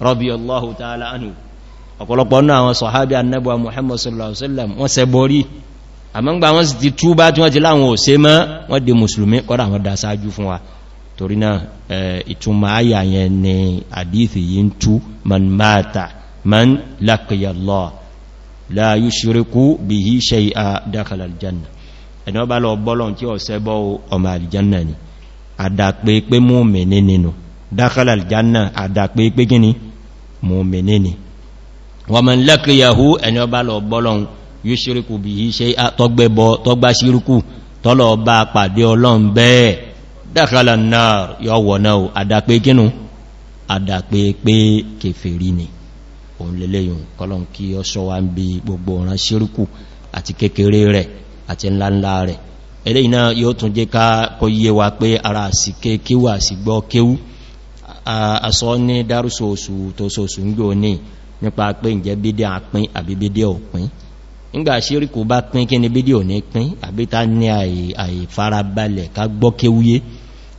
radiyallahu ta'ala muhammad sallallahu alaihi wasallam wọ́n ṣe borí àmọ́ ń gbà wọ́n sì ti túbá tí wọ́n ti láwọn torí náà ìtumọ̀ ayà yẹn ni àdíthì yí ń tú man mata man laqiya Allah la yushriku bihi shay'a dakhala aljanna ẹ̀nà bá lọ bọ́lọ̀n tí ọ̀sẹ́ bọ́ ọmọ aljanna ni àdàpé pé mu'mini nínú dakhala aljanna àdàpé pé gíní mu'mini ni wa man laqiyahu ẹ̀nà bá lọ bọ́lọ̀n yushriku bihi shay'a dákàlà náà yọ wọ̀ná o àdàpé gínú àdàpé pé kèfèrí ni òun lélẹ́yìn kọlọ̀n kí ọ sọ wá ń bí gbogbo ọ̀ràn ṣírùkù àti kékeré rẹ̀ àti ńláńlá rẹ̀ eléyìn náà yóò tún jẹ́ ká kọ yíye wa pé ara àsìké kíwà àsìgbọ́ kéwú asọ́ ní dárúsọ̀ọ̀sù tó sọ̀ọ̀sù ń gbò ní nípa pé ǹjẹ́ bídí àpín àbí bídí òpin nígbà ṣíríkù bá pín kí ni bídí ò ní pín àbí ta ní àìfarabalẹ̀ ká gbọ́ kéwúyé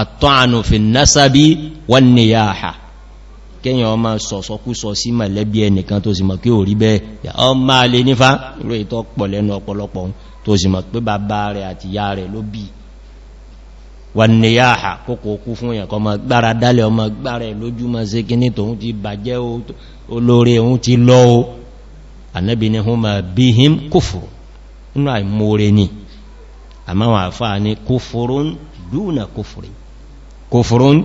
àtọ́ànù fi násábí wọ́n ni yá àhà kíyàn ọmọ sọ̀sọ́kúsọ sí mọ̀lẹ́bí ẹnìkan tó sì mọ̀ kí ò rí bẹ́ẹ̀ ọmọ alẹ́ nífà rẹ̀ ìtọ́ pọ̀ lẹ́nu ọ̀pọ̀lọpọ̀ tó sì mọ̀ pé bàbá rẹ̀ àti ya rẹ̀ ló bí wọ́n ni yá àhà kókò kú fún ẹ̀kọ́ ọmọ gbára dálẹ̀ ma bí him kúfù inú àìmóore ni kófùrún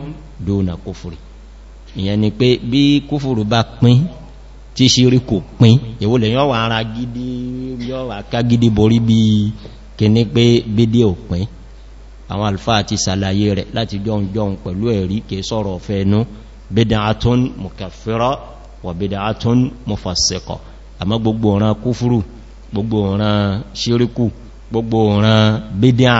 dúnà kófùrì ìyẹn ni pé bí kófùrù bá pín tí ṣírí kò pín èwo lè yọ́ wà ara gidi yọ́ wà ká gidi borí bí kìní pé bídí ò pín àwọn alfa àti sàlàyé rẹ̀ láti jọun jọun pẹ̀lú ẹ̀rí kìí sọ̀rọ̀ fẹ́nu gbogbo ọ̀ràn kúfúrù gbogbo ọ̀ràn ṣíríkù gbogbo ọ̀ràn bídáà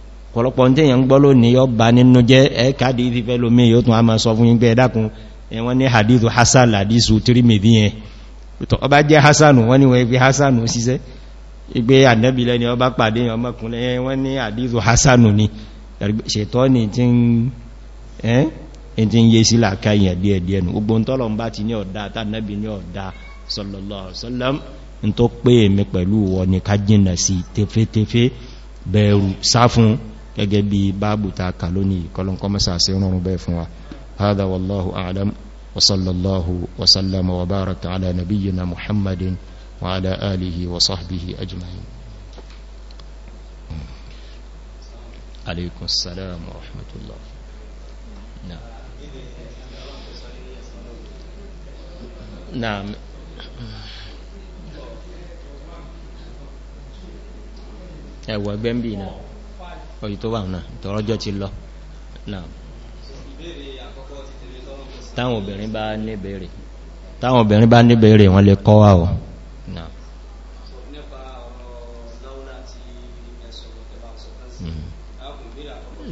pọ̀lọpọ̀ tí èyàn ń gbọ́ lónìí yọ bá nínú jẹ́ ẹ́kàdì ìfẹ́ lómi yóò tún a máa sọ fún yín pé ẹ̀dàkùn wọ́n ní hadithu hassan hadisu tirimidi yẹn ọba jẹ́ hassanu wọ́n ni wọ́n fi hassanu síṣẹ́ igbe àdẹ́bìlẹ̀ ni ọba pàdé ọmọkùnrin ni ṣètọ́ ni tí ń yé sí làkáyàn díẹ̀díẹ̀ nù gbogbo ń tọ́lọ̀ ń sallallahu alaihi wasallam ń tó pé èmi pẹ̀lú wọ ni ká jìnà bẹ̀rù sáfún gẹ́gẹ́ bí báàbù ta kà lónìí kọlọ̀nkọ́ mẹ́sà sí rọrùn bẹ́ fún wa hádà wallahu a'lam wa sallallahu wa sallama wa baraka ala nabiyyina muhammadin wa ala alihi wa sahbihi ajma'in alaikum salam wa rahmatullah na'am ẹwà gbẹ́mbì náà ọ̀yí tó wà náà tọ́rọjọ́ ti lọ náà táwọn obìnrin bá níbẹ̀rẹ̀ táwọn obìnrin bá níbẹ̀rẹ̀ wọ́n lè kọ́ wà ọ̀ náà hmm.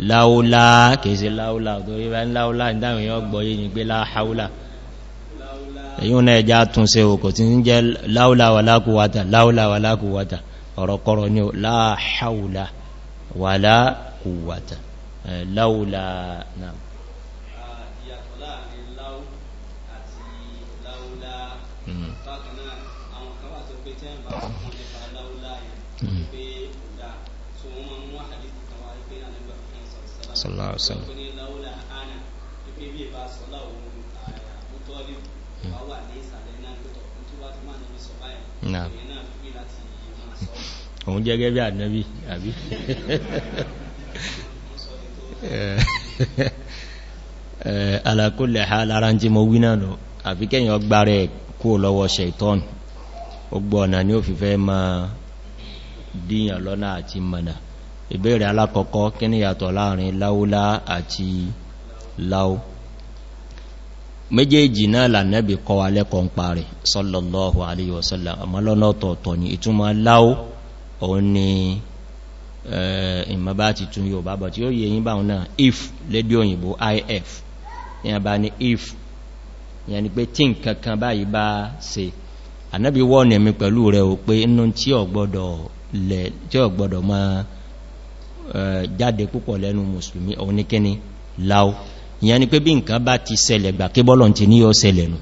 láúlá kèèsè láúlá torí bá ń láúlá ìdáhùn yóò gbọ́yé ní pé láháúlá èyí ò náà ẹja tún se òkò tí ń jẹ́ láúlá wà lákúwátà láúlá wà lákúwátà ọ̀rọ̀kọ́rọ̀ ní láháúlá ولا قوة آه، لولا نعم صلى الله عليه وسلم نعم òun jẹ́ gẹ́gẹ́ bí ànábì àbí eh, ala kulli hal lára tí mo wí náà nù àfi kẹ́yìn ọgbà rẹ̀ kó lọ́wọ́ ṣẹ̀tọ́n ogbò ọ̀nà ni ó fi fẹ́ ma díyàn lọ́nà àti mọ̀nà ìbéèrè alákọ̀ọ́kọ́ kí láàrin láúlá àti láú méjèèjì náà lànẹ́bì kọ́ alẹ́kọ̀ọ́ ń parí sallallahu alaihi òun ni eh, ìmọ̀bá ti tún yóò bá bọ̀ tí ó yẹ yín báhùn náà if lédí òyìnbó if ní a bá ní if ìyẹn ni pé tí nkankan báyìí bá se ànábí wọ́n ẹ̀mí pẹ̀lú rẹ̀ ò pé inú tí ó gbọ́dọ̀ ma jáde púpọ̀ lẹ́nu mùsùlùmí òun ní kíní láó ni pé bí nkan bá ti ṣẹlẹ̀ gbà kí bọ́lọ̀ ti ní yóò ṣẹlẹ̀ nù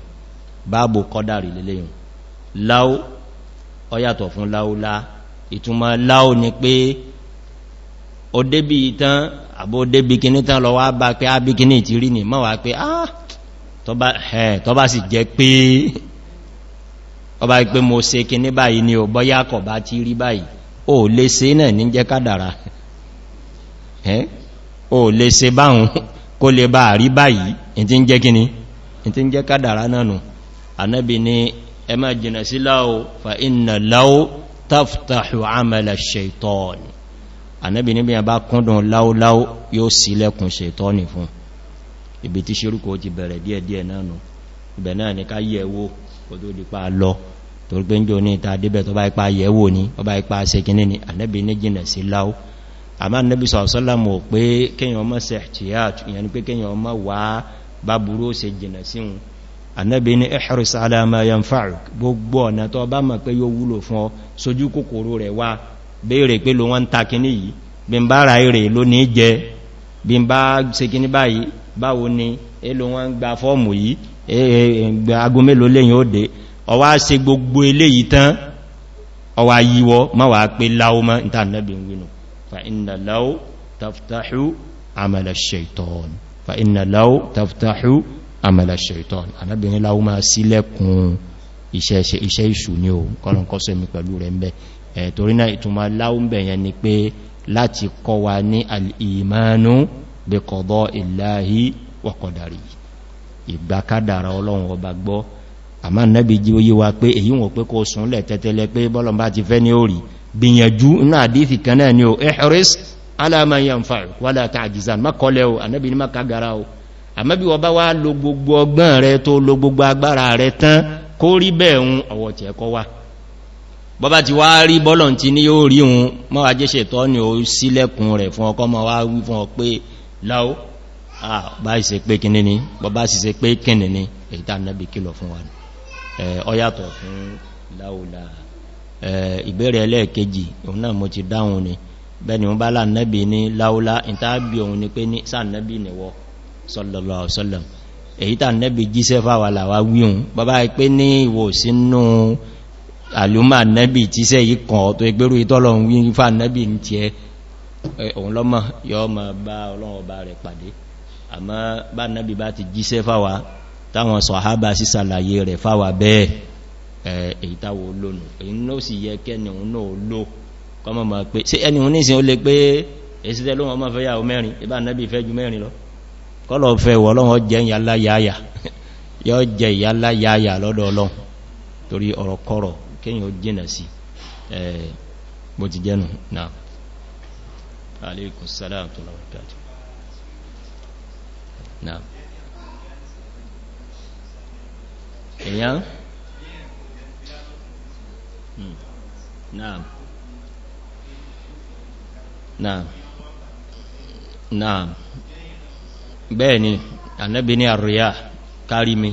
báàbò kọ́dà rí lélẹ́yìn láó ọyàtọ̀ fún láó láá ìtumọ̀ láò ní pé ó débì ìtàn àbó débì kìíní tán lọ wá bá pé ábí kìíní ti rí ní mọ́ wá pé ah tó bá sì jẹ́ pé ọba pé mo ṣe kìíní báyìí ni ò bọ́yá kọ̀ bá ti rí báyìí ó lè ṣe náà ní jẹ́ kádàrà ó lè ṣe báhùn kó lè bá rí báyìí ìtí fa inna láò taftahu amala shaitan anabi níbi yà bá kúndùn láúláú yóò sí lẹ́kùn shaitan fún ibi tí ṣirúkọ ti bẹ̀rẹ̀ díẹ̀díẹ̀ náà nù ibẹ̀ náà ní ká yẹ̀wò kò tó di pa lọ torí pé ń jò ní ìta débẹ̀ tó bá ipa yẹ̀wò ní ọ bá ipa sekiní ni anabi ní jìnà sí láú àmá anabi sọ̀sọ́lámù pé kéyàn ọmọ sẹ̀tíyàtù ìyẹn ni pé kéyàn ọmọ wá bá burú ó se jìnà síhun annabi ni ihris ala ma yanfa'uk gbogbo ọ̀nà tó bá mọ̀ pé yóò wúlò fún ọ sójú kòkòrò rẹ̀ wá béèrè pé ló wọ́n ń ta kíní yìí bí n bá ra èrè ló ní jẹ bí n bá ṣe kíní báyìí báwo ni èlò wọ́n ń gba fọ́ọ̀mù yìí taftahu àmàlà ṣẹ̀tọ́n anábìnrin láwọ́ máa sílẹ̀kùn iṣẹ́ ìṣù ní o kọ́lọ̀n kọ́sọ̀ mi pẹ̀lú rẹ̀ mẹ́ torí náà ìtumà láwọ́ bẹ̀yẹn ni pé láti kọ́ wa ní al'imanu bí kọ̀dọ̀ ìláhí wọ̀kọ̀dàrí ìgbàkádàrà ọlọ́run ọba gbọ́ àmá nẹ́bí jí ó ni o ehris alamanya ń fa wádà tàjíza makọlẹ̀ o àmọ́ bí wọ́n bá wá lo gbogbo ọgbọ́n rẹ tó lo gbogbo agbára rẹ tán kó rí bẹ̀ẹ̀un ọ̀wọ̀ tí ẹ̀kọ́ wá bọ́bá ti wá rí bọ́lọ̀ tí ní yóò rí un mọ́ ajéṣe tọ́ ni ó sílẹ̀kùn rẹ̀ fún ọkọ́ mọ́ wá wí fún ọ pé láó bá ìse pé kíní ni bọ́bá sì se pé kíní ni èyí tá nẹ́bí kìlọ̀ fún wa ọyàtọ̀ fún láòlà ìbẹ̀rẹ̀ ẹlẹ́ẹ̀kejì òun náà mo ti dáhùn ni bẹ́ni wọ́n bá lá nẹ́bí ní láòlà ìtàbí òun ni pé ní sáà nẹ́bí nìwọ́ sallallahu alaihi wasallam èyí tà nẹ́bí jíṣẹ́ fáwà làwà wíhun bàbá pé ní ìwò sínú àlúmà nẹ́bí tíṣẹ́ yìí kan tó ẹgbẹ́rú ìtọ́lọ̀un wí fà nẹ́bí ń tí ẹ òun lọ́mọ yọ ma bá ọlọ́run ọba rẹ̀ pàdé àmọ́ bá nẹ́bí bá ti jíṣẹ́ fáwà táwọn sọ̀hábà sí sàlàyé rẹ̀ fáwà bẹ́ẹ̀ èyí táwọ olónù èyí ló sì kọ́lọ̀ fẹ́ wọ́ ọlọ́run jẹ́ ìyàláyáyà yóò jẹ ìyàláyáyà lọ́dọ̀ ọlọ́run torí ọ̀rọ̀ kọ́rọ̀ kíyàn ó jìnà sí bó ti jẹ́nu náà alaykum salaam tó lọ́wọ́ dájú náà èyàn náà náà náà bẹ́ẹ̀ ni ànábì ní kárí mi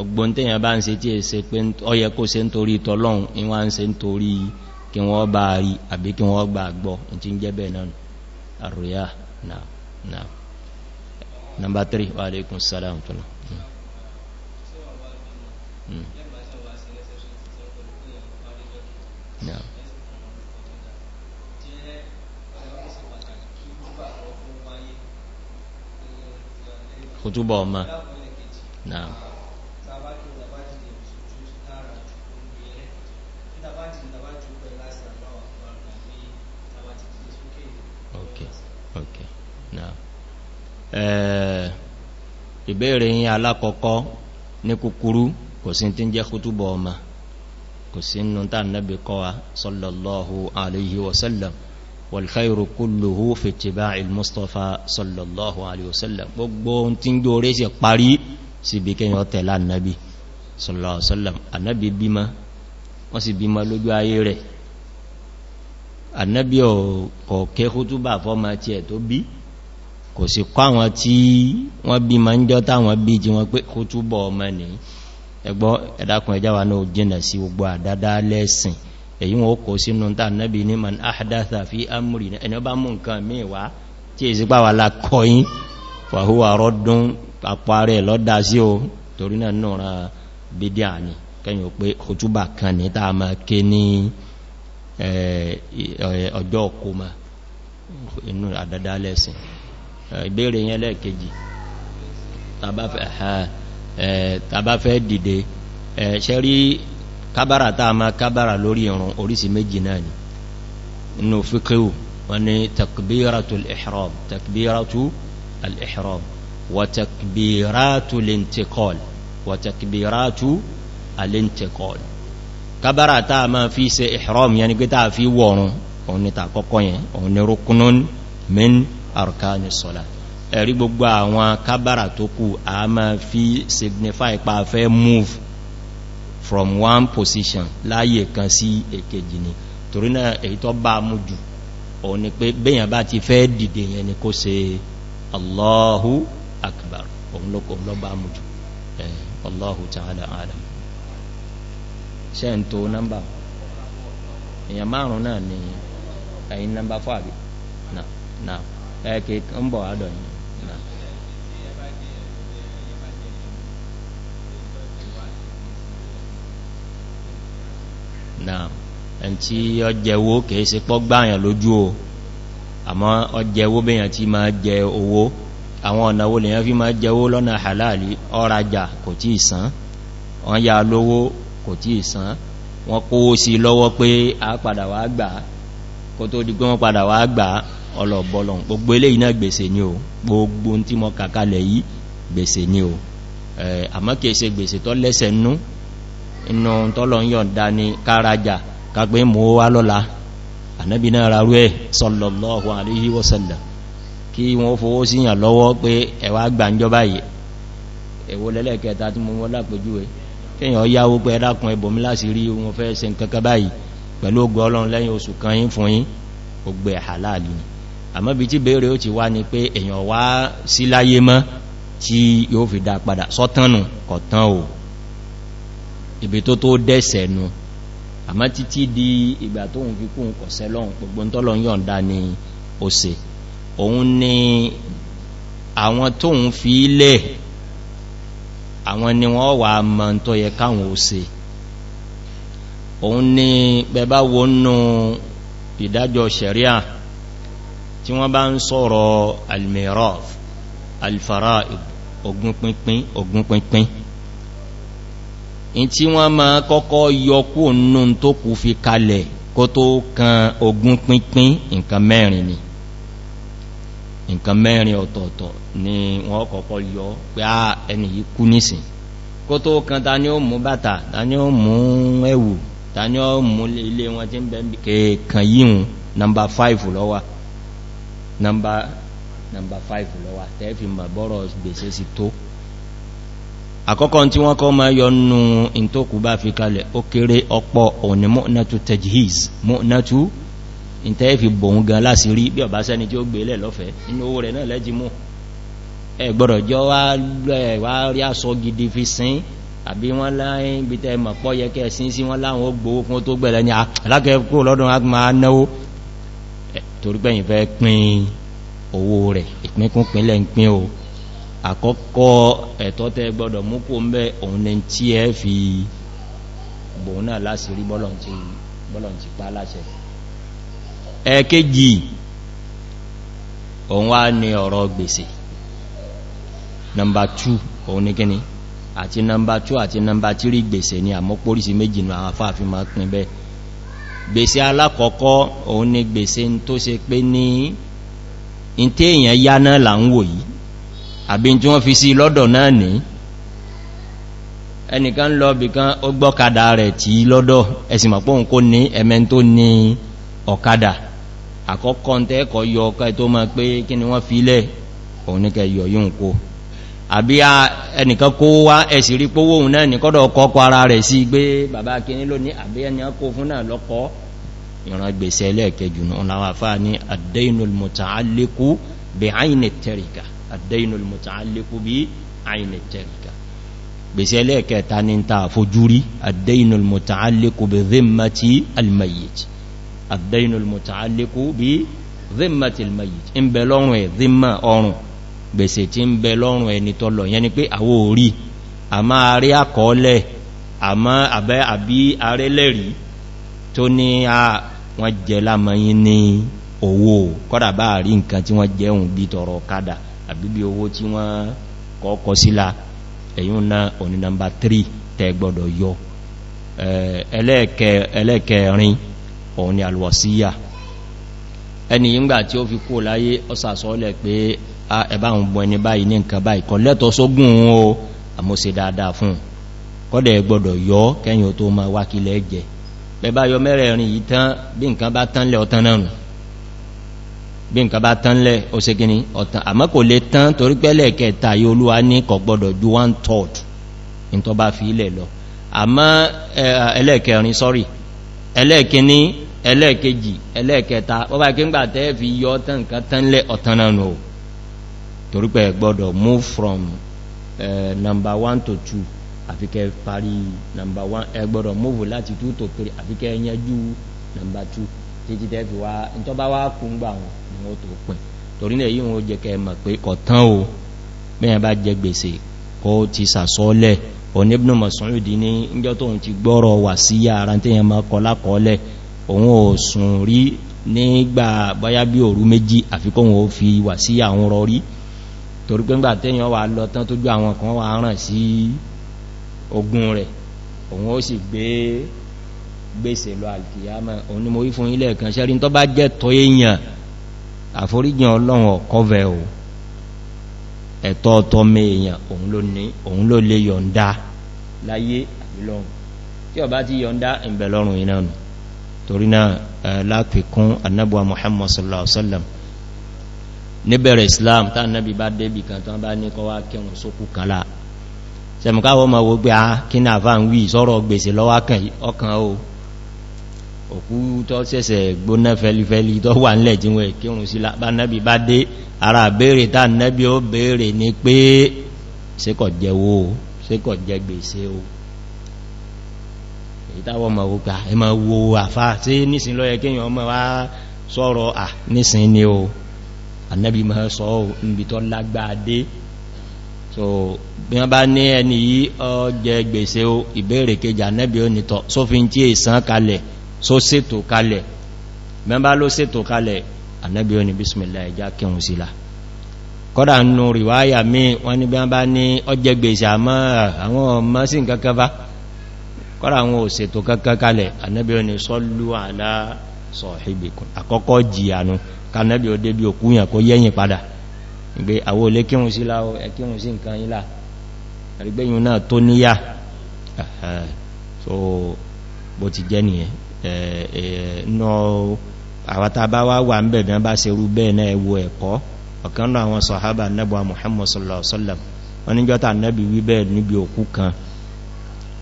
ọgbọ́n tẹ́yàn bá ń ṣe tí èsẹ pé ọyẹ kó ṣe ń torí tọ́lọ́un ìwọ́n ń ṣe ń torí kí wọ́n bá rí àbí kí wọ́n gbà gbọ́ tí ń jẹ́ bẹ́ẹ̀ náà náà kò túbọ̀ ọmọ náà okay okay náà eh, ìbéèrè yìí alákọ̀ọ́kọ́ ní kúkúrú kò sí tí ń jẹ́ kútúbọ̀ ọmọ kò sí nù tàn náà bí kọ́wa sallallahu alaihi wasallam والخير كله في اتباع المصطفى صلى الله عليه وسلم gbogbo ohun tí ń gbóore sí parí sí bí kíyàn tẹ̀lá annabi sallallahu alaihi wasallam annabi bímọ wọ́n sì bímọ lójú ayé rẹ̀ annabi ọ̀kẹ́ kútúbà fọ́mà tí ẹ̀ tó bí kò sì kọ́ àwọn tí wọ́n bí ma ń jọ táwọn bí tí wọ́n pé kútúbọ̀ ọmọ ní ẹgbọ́ ẹ̀dàkùn ẹjáwà náà jìnà sí gbogbo àdádá lẹ́sìn èyí wọn ó kò sínú tàà nábi ní man áhàdáta fi amúrì ẹni bá mú nǹkan mẹ́wà tí è sí pàwà lákọ̀ọ́yìn fàhúwà rọ́dún àparẹ lọ́dá sí o torí náà náà bídíà ni kẹyìn pé òtúbà kan ní kábàrà tàà ma kábàrà lórí ìrun orísìí méjì náà ni inú fíkíwò wọ́n ni takbíratu al-ihram takbíratu al-ihram wa takbíratu al-intiqal wa takbíratu al-intiqal kábàrà tàà ma fi ṣe ihram yàní pé tàà fi wọ̀run òun ni tàkọ́kọ́ yẹn òun ni rukunun min arkani sọ́lá ẹ̀rí gbogbo àwọn kábàrà tó kù a ma fi signify pa fẹ́ move from one position láyè kan sí èkejì ni torí náà èyí tó bá mú jù ni pé bẹ́yàn bá ti fẹ́ dìde yẹn ni kó ṣe Allahu akbar òun ló bá mú jù Allahu ta'ala ṣe ń tó nọ́mbà èyàn márùn náà ni ẹ̀yìn nọ́mbà fọ́ àbí náà ẹ̀kẹ́ ń náà ẹn tí ọjẹ̀wó kìí ṣe pọ́ gbáyàn lójú o àmọ́ ọjẹ̀wó bèyàn tí máa jẹ owó àwọn ọ̀nà lèyàn fi máa jẹwó lọ́nà halali ọrajà kò tí ìsán wọ́n yá lówó kò tí ìsán wọ́n kówó sí lọ́wọ́ pé a padà wá gbà kò tó di pé wọ́n padà wá gbà ọlọ̀bọ̀lọ̀ mo kàkalẹ̀ yìí gbèsè ni o àmọ́ kìí inú tọ́lọ ń yọ̀nda ni kárajà kàgbé mú wá lọ́la ànábì náà rárú ẹ̀ sallallahu alaihi wasallam kí wọ́n fowó síyàn lọ́wọ́ pé ẹwà gbàǹjọba yìí èwo lẹ́lẹ́kẹta tí mo wọ́n lápẹjú ẹ kíyàn yáwó pé ẹdákun ẹbòmí láti rí wọn fẹ́ ṣe nǹkankan báyìí pẹ̀lú ogun ọlọ́run lẹ́yìn oṣù kan yín fún yín ogbe àhàláàlì ni àmọ́ bí tí bèèrè ó ti wá ní pé èèyàn wá sí láyé mọ́ tí yóò fi dá padà sọ́tánù kọ̀tán o ibi tó tó dẹ́sẹ̀ nù àmá títí di ìgbà tó ń fi kún kọ̀sẹ̀ lọ́n gbogbo ń tọ́lọ yọ̀nda ni ó ṣe òun ni àwọn tó ń fi ilẹ̀ àwọn ni wọ́n wà mọ́ tó yẹ káwọn ó ṣe òun ni bẹba wo nù ìdájọ́ sẹ̀ríà tí wọ́n bá ń sọ̀rọ̀ almiraf alfara'ib ogun pínpín ogun pínpín in tí wọ́n ma kọ́kọ́ yọkú nù tó kù fi kalẹ̀ kó tó kan ogún pínpín nǹkan mẹ́rin ni nǹkan mẹ́rin ọ̀tọ̀ọ̀tọ̀ ni wọ́n kọ́kọ́ yọ pé á ẹni yìí kú nísìn kó tó kan ta ni ó mú bàtà ta ni ó mú ẹ̀wù ta ni ó mú ilé wọn tí ń bẹ kẹ̀ẹ̀kan yíhun nọmbà 5 lọ́wà nọmbà 5 lọ́wà tẹ́fì mọ̀ bọ́rọ̀ gbèsè sí tó àkọ́kọ́ tí wọ́n kọ́ máa yọnú in tó kù bá fi kalẹ̀ ó kéré ọpọ̀ òní mọ́nàtú tajhiz mọ́nàtú in tẹ́ fi bòun gan láti rí bí ọ̀bá sẹ́ni tí ó gbé lẹ̀ lọ́fẹ́ inú owó rẹ̀ náà lẹ́jì mú ẹ gbọ́dọ̀ jọ wá rí aṣọ gidi fi sín àbí wọ́n láyín bí tẹ́ mọ̀ pọ́ yẹ kẹ́ sín sí wọ́n àkọ́kọ́ ẹ̀tọ́ tẹ́ gbọ́dọ̀ mú kó ń bẹ́ òun ní tí ẹ fi bòun náà láti rí bọ́lọ̀ntí pa láṣẹ ẹ̀kejì òun wá ní ọ̀rọ̀ gbèsè nọmbà 2 òun ní kíni àti nọmbà 2 àti nọmbà 3 gbèsè ni àmọ́ pórísì méjì nù àwọn afáàfin pín bẹ́ gbèsè alákọ̀ọ́kọ́ òun ni gbèsè tó ṣe pé ní ìtẹ́ èèyàn yá náà là ń wò yìí àbí tí wọ́n fi sí lọ́dọ̀ náà ní ẹnìkan lọ bí kan ó gbọ́kadà rẹ̀ tí lọ́dọ̀ ẹ̀sìn mọ̀ pọ́n kó ní ẹmẹ́ tó ní ọ̀kadà àkọ́kọ́ tẹ́ẹ̀kọ́ yọ ọkà tó máa pé kí ni wọ́n filẹ̀ òun ní kẹ yọ yóò kó àbí ẹnìkan kó wá ẹ̀sì rí ìran gbèsè ẹlẹ́ẹ̀kẹjù náà láwàfáà ní àdéinul muta'alliqu bi'ayni tarika ad-daynul muta'alliqu bi 'ayni at-tarika gbèsè ẹlẹ́ẹ̀kẹta ní ta àfojúrí ad-daynul muta'alliqu bi dhimmati al-mayyit ad-daynul muta'alliqu bi dhimmati al-mayyit ń bẹ lọ́rùn ẹ̀ dhimma ọrùn gbèsè tí ń bẹ lọ́rùn ẹni tó lọ yẹn ni pé àwọ orí a máa owó kọ́dà bá rí nǹkan tí wọ́n jẹun bí tọrọ kádà àbí bí owó tí wọ́n kọ́kọ́ sílá èyún na òní nàmbà 3 tẹ gbọ́dọ̀ yọ ẹlẹ́ẹ̀kẹrin òun ni alwasíyà ẹni yíngbà tí ó fi kó láyé ọsàsọ́lẹ̀ pé ẹbá ń bọ ẹni báyìí ní nǹkan báyìí kọ lẹ́tọ̀ sógún o àmóse dáadáa fún kọ́dẹ̀ gbọ́dọ̀ yọ kẹ́yìn tó ma wákilẹ̀ jẹ bẹbá yọ mẹ́rẹ̀ẹ̀rin yìí tán bí nǹkan bá tán lẹ́ náà bí nǹkan bá tán lẹ́ òsèkíní ọ̀tàn àmọ́ kò lè tán torí pẹ́lẹ̀ kẹta yóò olúwa ní kò gbọdọ̀ ju one third in tó bá fi ilẹ̀ lọ àmọ́ ẹlẹ́ẹ̀kẹrin sorry ẹlẹ́ẹ̀kíní ẹlẹ́ẹ̀kejì ẹlẹ́ẹ̀kẹta wọ́n bá kíńgbà tẹ́ fi yọ tán nǹkan tán lẹ́ ọ̀tán náà nù move from number 1 to 2 àfi kẹ́ number 1 ẹ move láti 2 to 3 àfi number 2 títí tẹ́ fi wá ní tó wọ́n tó pin torí náà yíò jẹ́ kẹ mọ̀ pé kọ̀tán o mẹ́yàn bá jẹ gbèsè kó ti sàsọ́ọ́lẹ̀ oníbùn Mas'udi ní ìjọ tóun ti gbọ́rọ̀ wà sí yàrá tí yẹn mọ́ kọ lákọọ́lẹ̀ òun ò sùn rí nígbà báyá bí òru méjì àfikún ò fi wà sí àwọn rọrí torí pé ńgbà tẹ́yàn wà lọ tán tó jú àwọn kan wà ràn sí ogun rẹ̀ òun ó sì gbé gbèsè lọ alkiyama òun ni mo kan ṣẹ́rin tó bá jẹ́ tọ́ èèyàn àforíjìn ọlọ́run ọ̀kọ́vẹ̀ o ẹ̀tọ́ ọ̀tọ́ mẹ́yàn òun ló lè yọ̀ǹda láyé àbílọ́run tí ọba ti yọ̀ǹda ìbẹ̀lọ́run ìnánu torí náà lápẹ̀kún annabuwa muhammad sallallahu alaihi wasallam islam tá annabi bá débì kan tán bá ní kọwàá kẹrùn sókù kala sẹmùkáwọ́ ma wo gbé a ah, kí òkú tó sẹ́sẹ̀ gbóná fẹ́lifẹ́li tó wà nílẹ̀ tí wọ́n kírùn sí bá nẹ́bí bá dé ara béèrè tá nẹ́bí ó béèrè ní pé síkọ̀ jẹwó síkọ̀ jẹ gbèsè o ìtawọ́ ma wó pa ma wo àfá tí nísìn lọ́yẹ kíyàn ọmọ wá sọ̀rọ̀ à nísìn ni o anẹ́bí ma sọ níbi tó lágbàádé so bí wọ́n bá ní ẹni yí ọ jẹ gbèsè o ìbéèrè kejì anẹ́bí ó nìtọ̀ sófin tí èsàn kalẹ̀ so ṣètò kalẹ̀ mẹ́bá ló ṣètò kalẹ̀ ànábì ó ní bismillah ẹjá kẹun sílá kọ́dà nù ríwáyà mí wọ́n ní bí wọ́n bá ní ọjẹ́ gbèsè àmọ́ àwọn ọmọ sí kankan bá kọ́dà àwọn òṣètò kankan kalẹ̀ ànábì ó ní sallu ala sahibikum àkọ́kọ́ so bó ti jẹ́ nìyẹn àwátàbá wá wà ń bẹ̀bẹ̀ bá ṣe rú bẹ́ẹ̀ náà ẹwọ ẹ̀kọ́ ọ̀kan náà àwọn sọ̀hábà nẹ́bọ̀ Muhammad sallallahu alaihi wasallam wọ́n ní jọ́ta nẹ́bí wí bẹ́ẹ̀ níbi òkú kan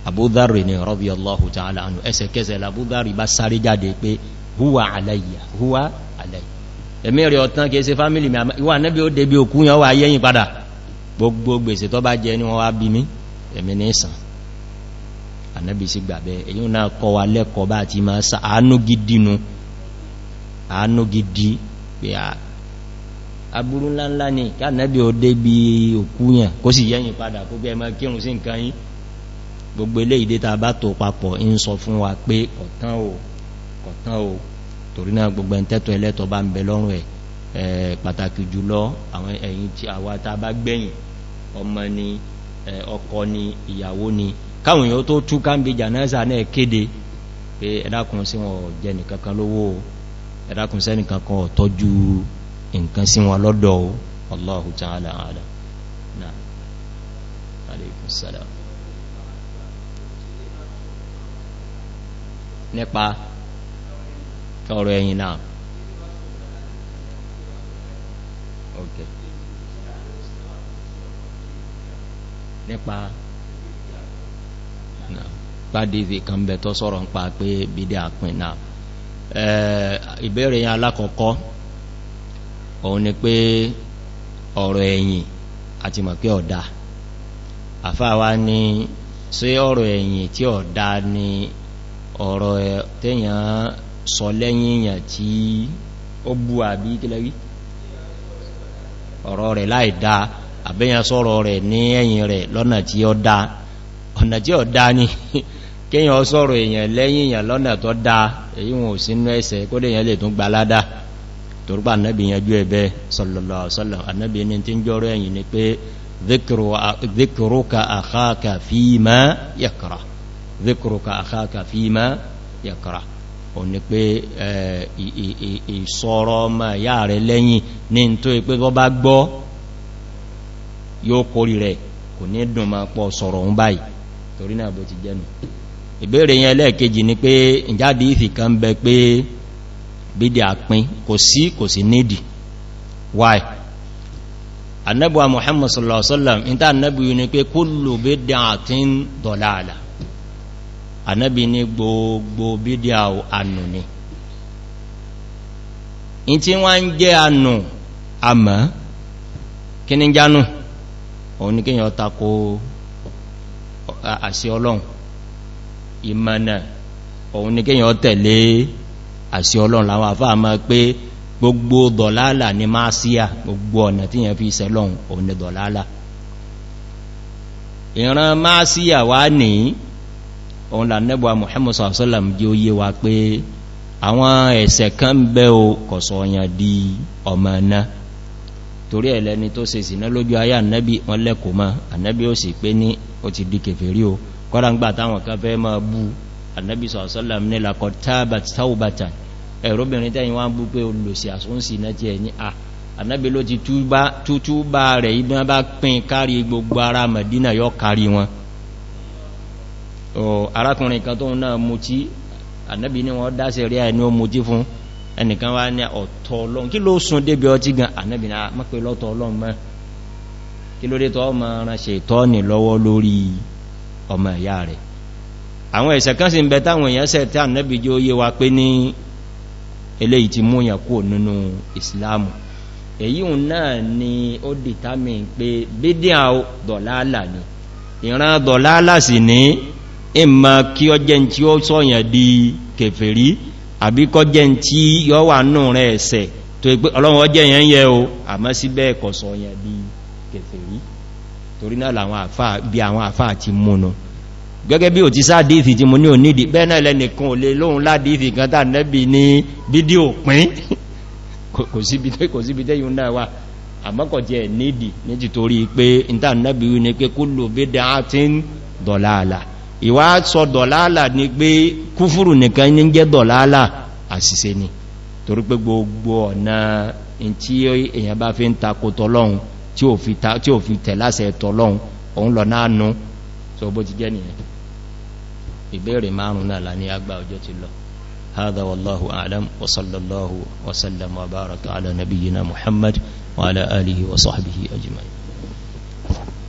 abúdárì ni radiyallahu ta'ala anhu ẹsẹ̀kẹsẹ̀ labúdárì bá sáré jáde pé huwa alayya huwa alayya ẹ̀mí rẹ̀ ọ̀tán kìí ṣe fámílì mi ìwà nẹ́bí ànábì sí gbàbẹ́ èyí náà kọ́ wa lẹ́kọ̀ọ́ bá ti máa sa àánú gidi nu àánú gidi pé a aburú ńláńlá ni ká ànábì ó dé bí òkú yàn kó sì yẹ́yìn padà kó bí ẹmọ kírun sí nǹkan yí gbogbo ilé ìdé ta bá tó papọ̀ ń sọ fún wa pé kọ̀tán o torí náà gbogbo ẹ̀ntẹ́tọ̀ ẹlẹ́tọ̀ bá ń bẹ lọ́rùn ẹ̀ pàtàkì jùlọ àwọn ẹ̀yìn tí àwa ta bá gbẹ̀yìn ọmọ ni ọkọ ni ìyàwó ni káwọn yóò tó tú káàmì jànáza náà kéde pé ẹ̀dàkùn sí wọn jẹ nìkankan lówó ẹ̀dàkùn sẹ́ nìkankan tọ́jú nǹkan sí wọn lọ́dọ̀ Allahu ta'ala alam na'am alaykum salam nípa ọ̀rọ̀ ẹ̀yìn náà ok pàdéfì kan bẹ̀ tó sọ̀rọ̀ ń pa pé bídí àpín náà ìbéèrè yẹn alákọ̀ọ́kọ́ òun ni pé ọ̀rọ̀ ẹ̀yìn àti mọ̀ pé ọ̀dá àfáàwá ni sí ọ̀rọ̀ ẹ̀yìn tí ọ̀dá ni ọ̀rọ̀ tẹ́yàn sọ lẹ́yìn tí ó bú àbí kílẹ̀rí ọ̀rọ̀ rẹ̀ láìdá àbẹ́yàn sọ̀rọ̀ rẹ̀ ní ẹ̀yìn rẹ̀ lọ́nà tí ọ̀nà tí kíyàn sọ̀rọ̀ èèyàn lẹ́yìn èèyàn lọ́nà tó dá èyí wọn ò sínú ẹsẹ̀ kó lè yẹn lè tún gba ládá torúpá annabi yanjú ẹ̀bẹ́ sallallahu alaihi wasallam annabi ní tí ń jọrọ ẹ̀yìn ni pé dhikruka akhaka fima yakra dhikruka akhaka fima yakra ó ní pé ìsọ̀rọ̀ ọmọ ìyá ma pọ̀ torí náà bó ti jẹ́nu ìbéèrè yẹn lẹ́ẹ̀kejì ni pé ìjáde ìfì kan bẹ pé bídí àpín kò sí kò sí nídì why annabuwa muhammad sallallahu alaihi wasallam inta annabu yi ni pé kullu bídí àtín dọ̀láàlá annabi ni gbogbo bídí ànù ni in tí wọ́n ń jẹ́ ànù àmọ́ kí ní jánú òun ni kíyàn tako àṣẹ ọlọ́run ìmọ̀nà òun ni kíyàn tẹ̀lé àṣì ọlọ́run láwọn àfáà mọ́ pé gbogbo dọ̀lálà ni máa síyà gbogbo ọ̀nà tí yẹn fi sẹ́lọ́run òun ni dọ̀lálà ìran máa síyà wá ní òun lànẹ́bọ̀ Muhammad sallam jí ó di ọmọ náà torí ẹ̀lẹ́ni tó se sínà lójú ayá ànẹ́bí wọn lẹ́kùnmọ́ ànẹ́bí ó o kọ́ra ń gbà táwọn kan fẹ́ máa bú annabi sọ̀sọ́lá ní lakọ̀ tábàtì taubatan ẹ̀rọ́bìnrin tẹ́yìn wọ́n bú pé olùsí àsúnsì náà jẹ́ ní à annabi ló ti túbá rẹ̀ ibi wọ́n bá pín kárí gbogbo ara Madina yọ kárí wọn arákùnrin kan tó náà mutí annabi ni wọ́n dáṣẹ̀ rí ẹni ó mutí fún ẹnìkan wá ní ọ̀tọ̀ ọlọ́run kí ló sún débi ọtí gan annabi náà mọ́ pé lọ́tọ̀ ọlọ́run mọ́ kí ló dé tọ́ ọmọ ránṣẹ́ ìtọ́ni lọ́wọ́ lórí ọmọ ìyá rẹ̀ àwọn ẹ̀ṣẹ̀ kan sì ń bẹ táwọn èèyàn ṣẹ̀ tí ànẹ́bì jí ó yé wa pé ní eléyìí ti mú yàn kúrò nínú ìsìláàmù èyí un náà ni ó dìtámì pé bídíà dọ̀láàlà ni ìran dọ̀láàlà sì ní ìmọ̀ kí ọ jẹ́ tí ó sọ̀yàn di kèfèrí àbí kọ́ jẹ́ tí yọ wà nù rẹ̀ ẹ̀ṣẹ̀ tó pé ọlọ́run ọjẹ́ yẹn yẹ o àmọ́ síbẹ̀ kọ̀sọ̀yàn di torí náà làwọn àfá bí àwọn àfá ti múnu gẹ́gẹ́ bí ò ti sáà dìífì tí mo ní ò nídìí bẹ́ẹ̀nà ilẹ̀nìkan ò lè lóhun ládìífì kan tàà nẹ́bì ní bídíò pín kò síbi tẹ́ yíò náà wà àmọ́kọ̀jẹ́ nídìí ní ti torí pé ìta nẹ́bì ní pé kú lò bédà tí ń dọ̀láàlà ìwá sọ dọ̀láàlà tí ò fi tẹ̀ lásẹ̀ tọ́lọ́un òun lọ náà nú so bó ti jẹ́ nìyẹn ìbéèrè márùn náà ní agbá ọjọ́ ti lọ هذا والله أعلم وصلى الله وسلم وبارك على نبينا محمد وعلى آله وصحبه أجمعين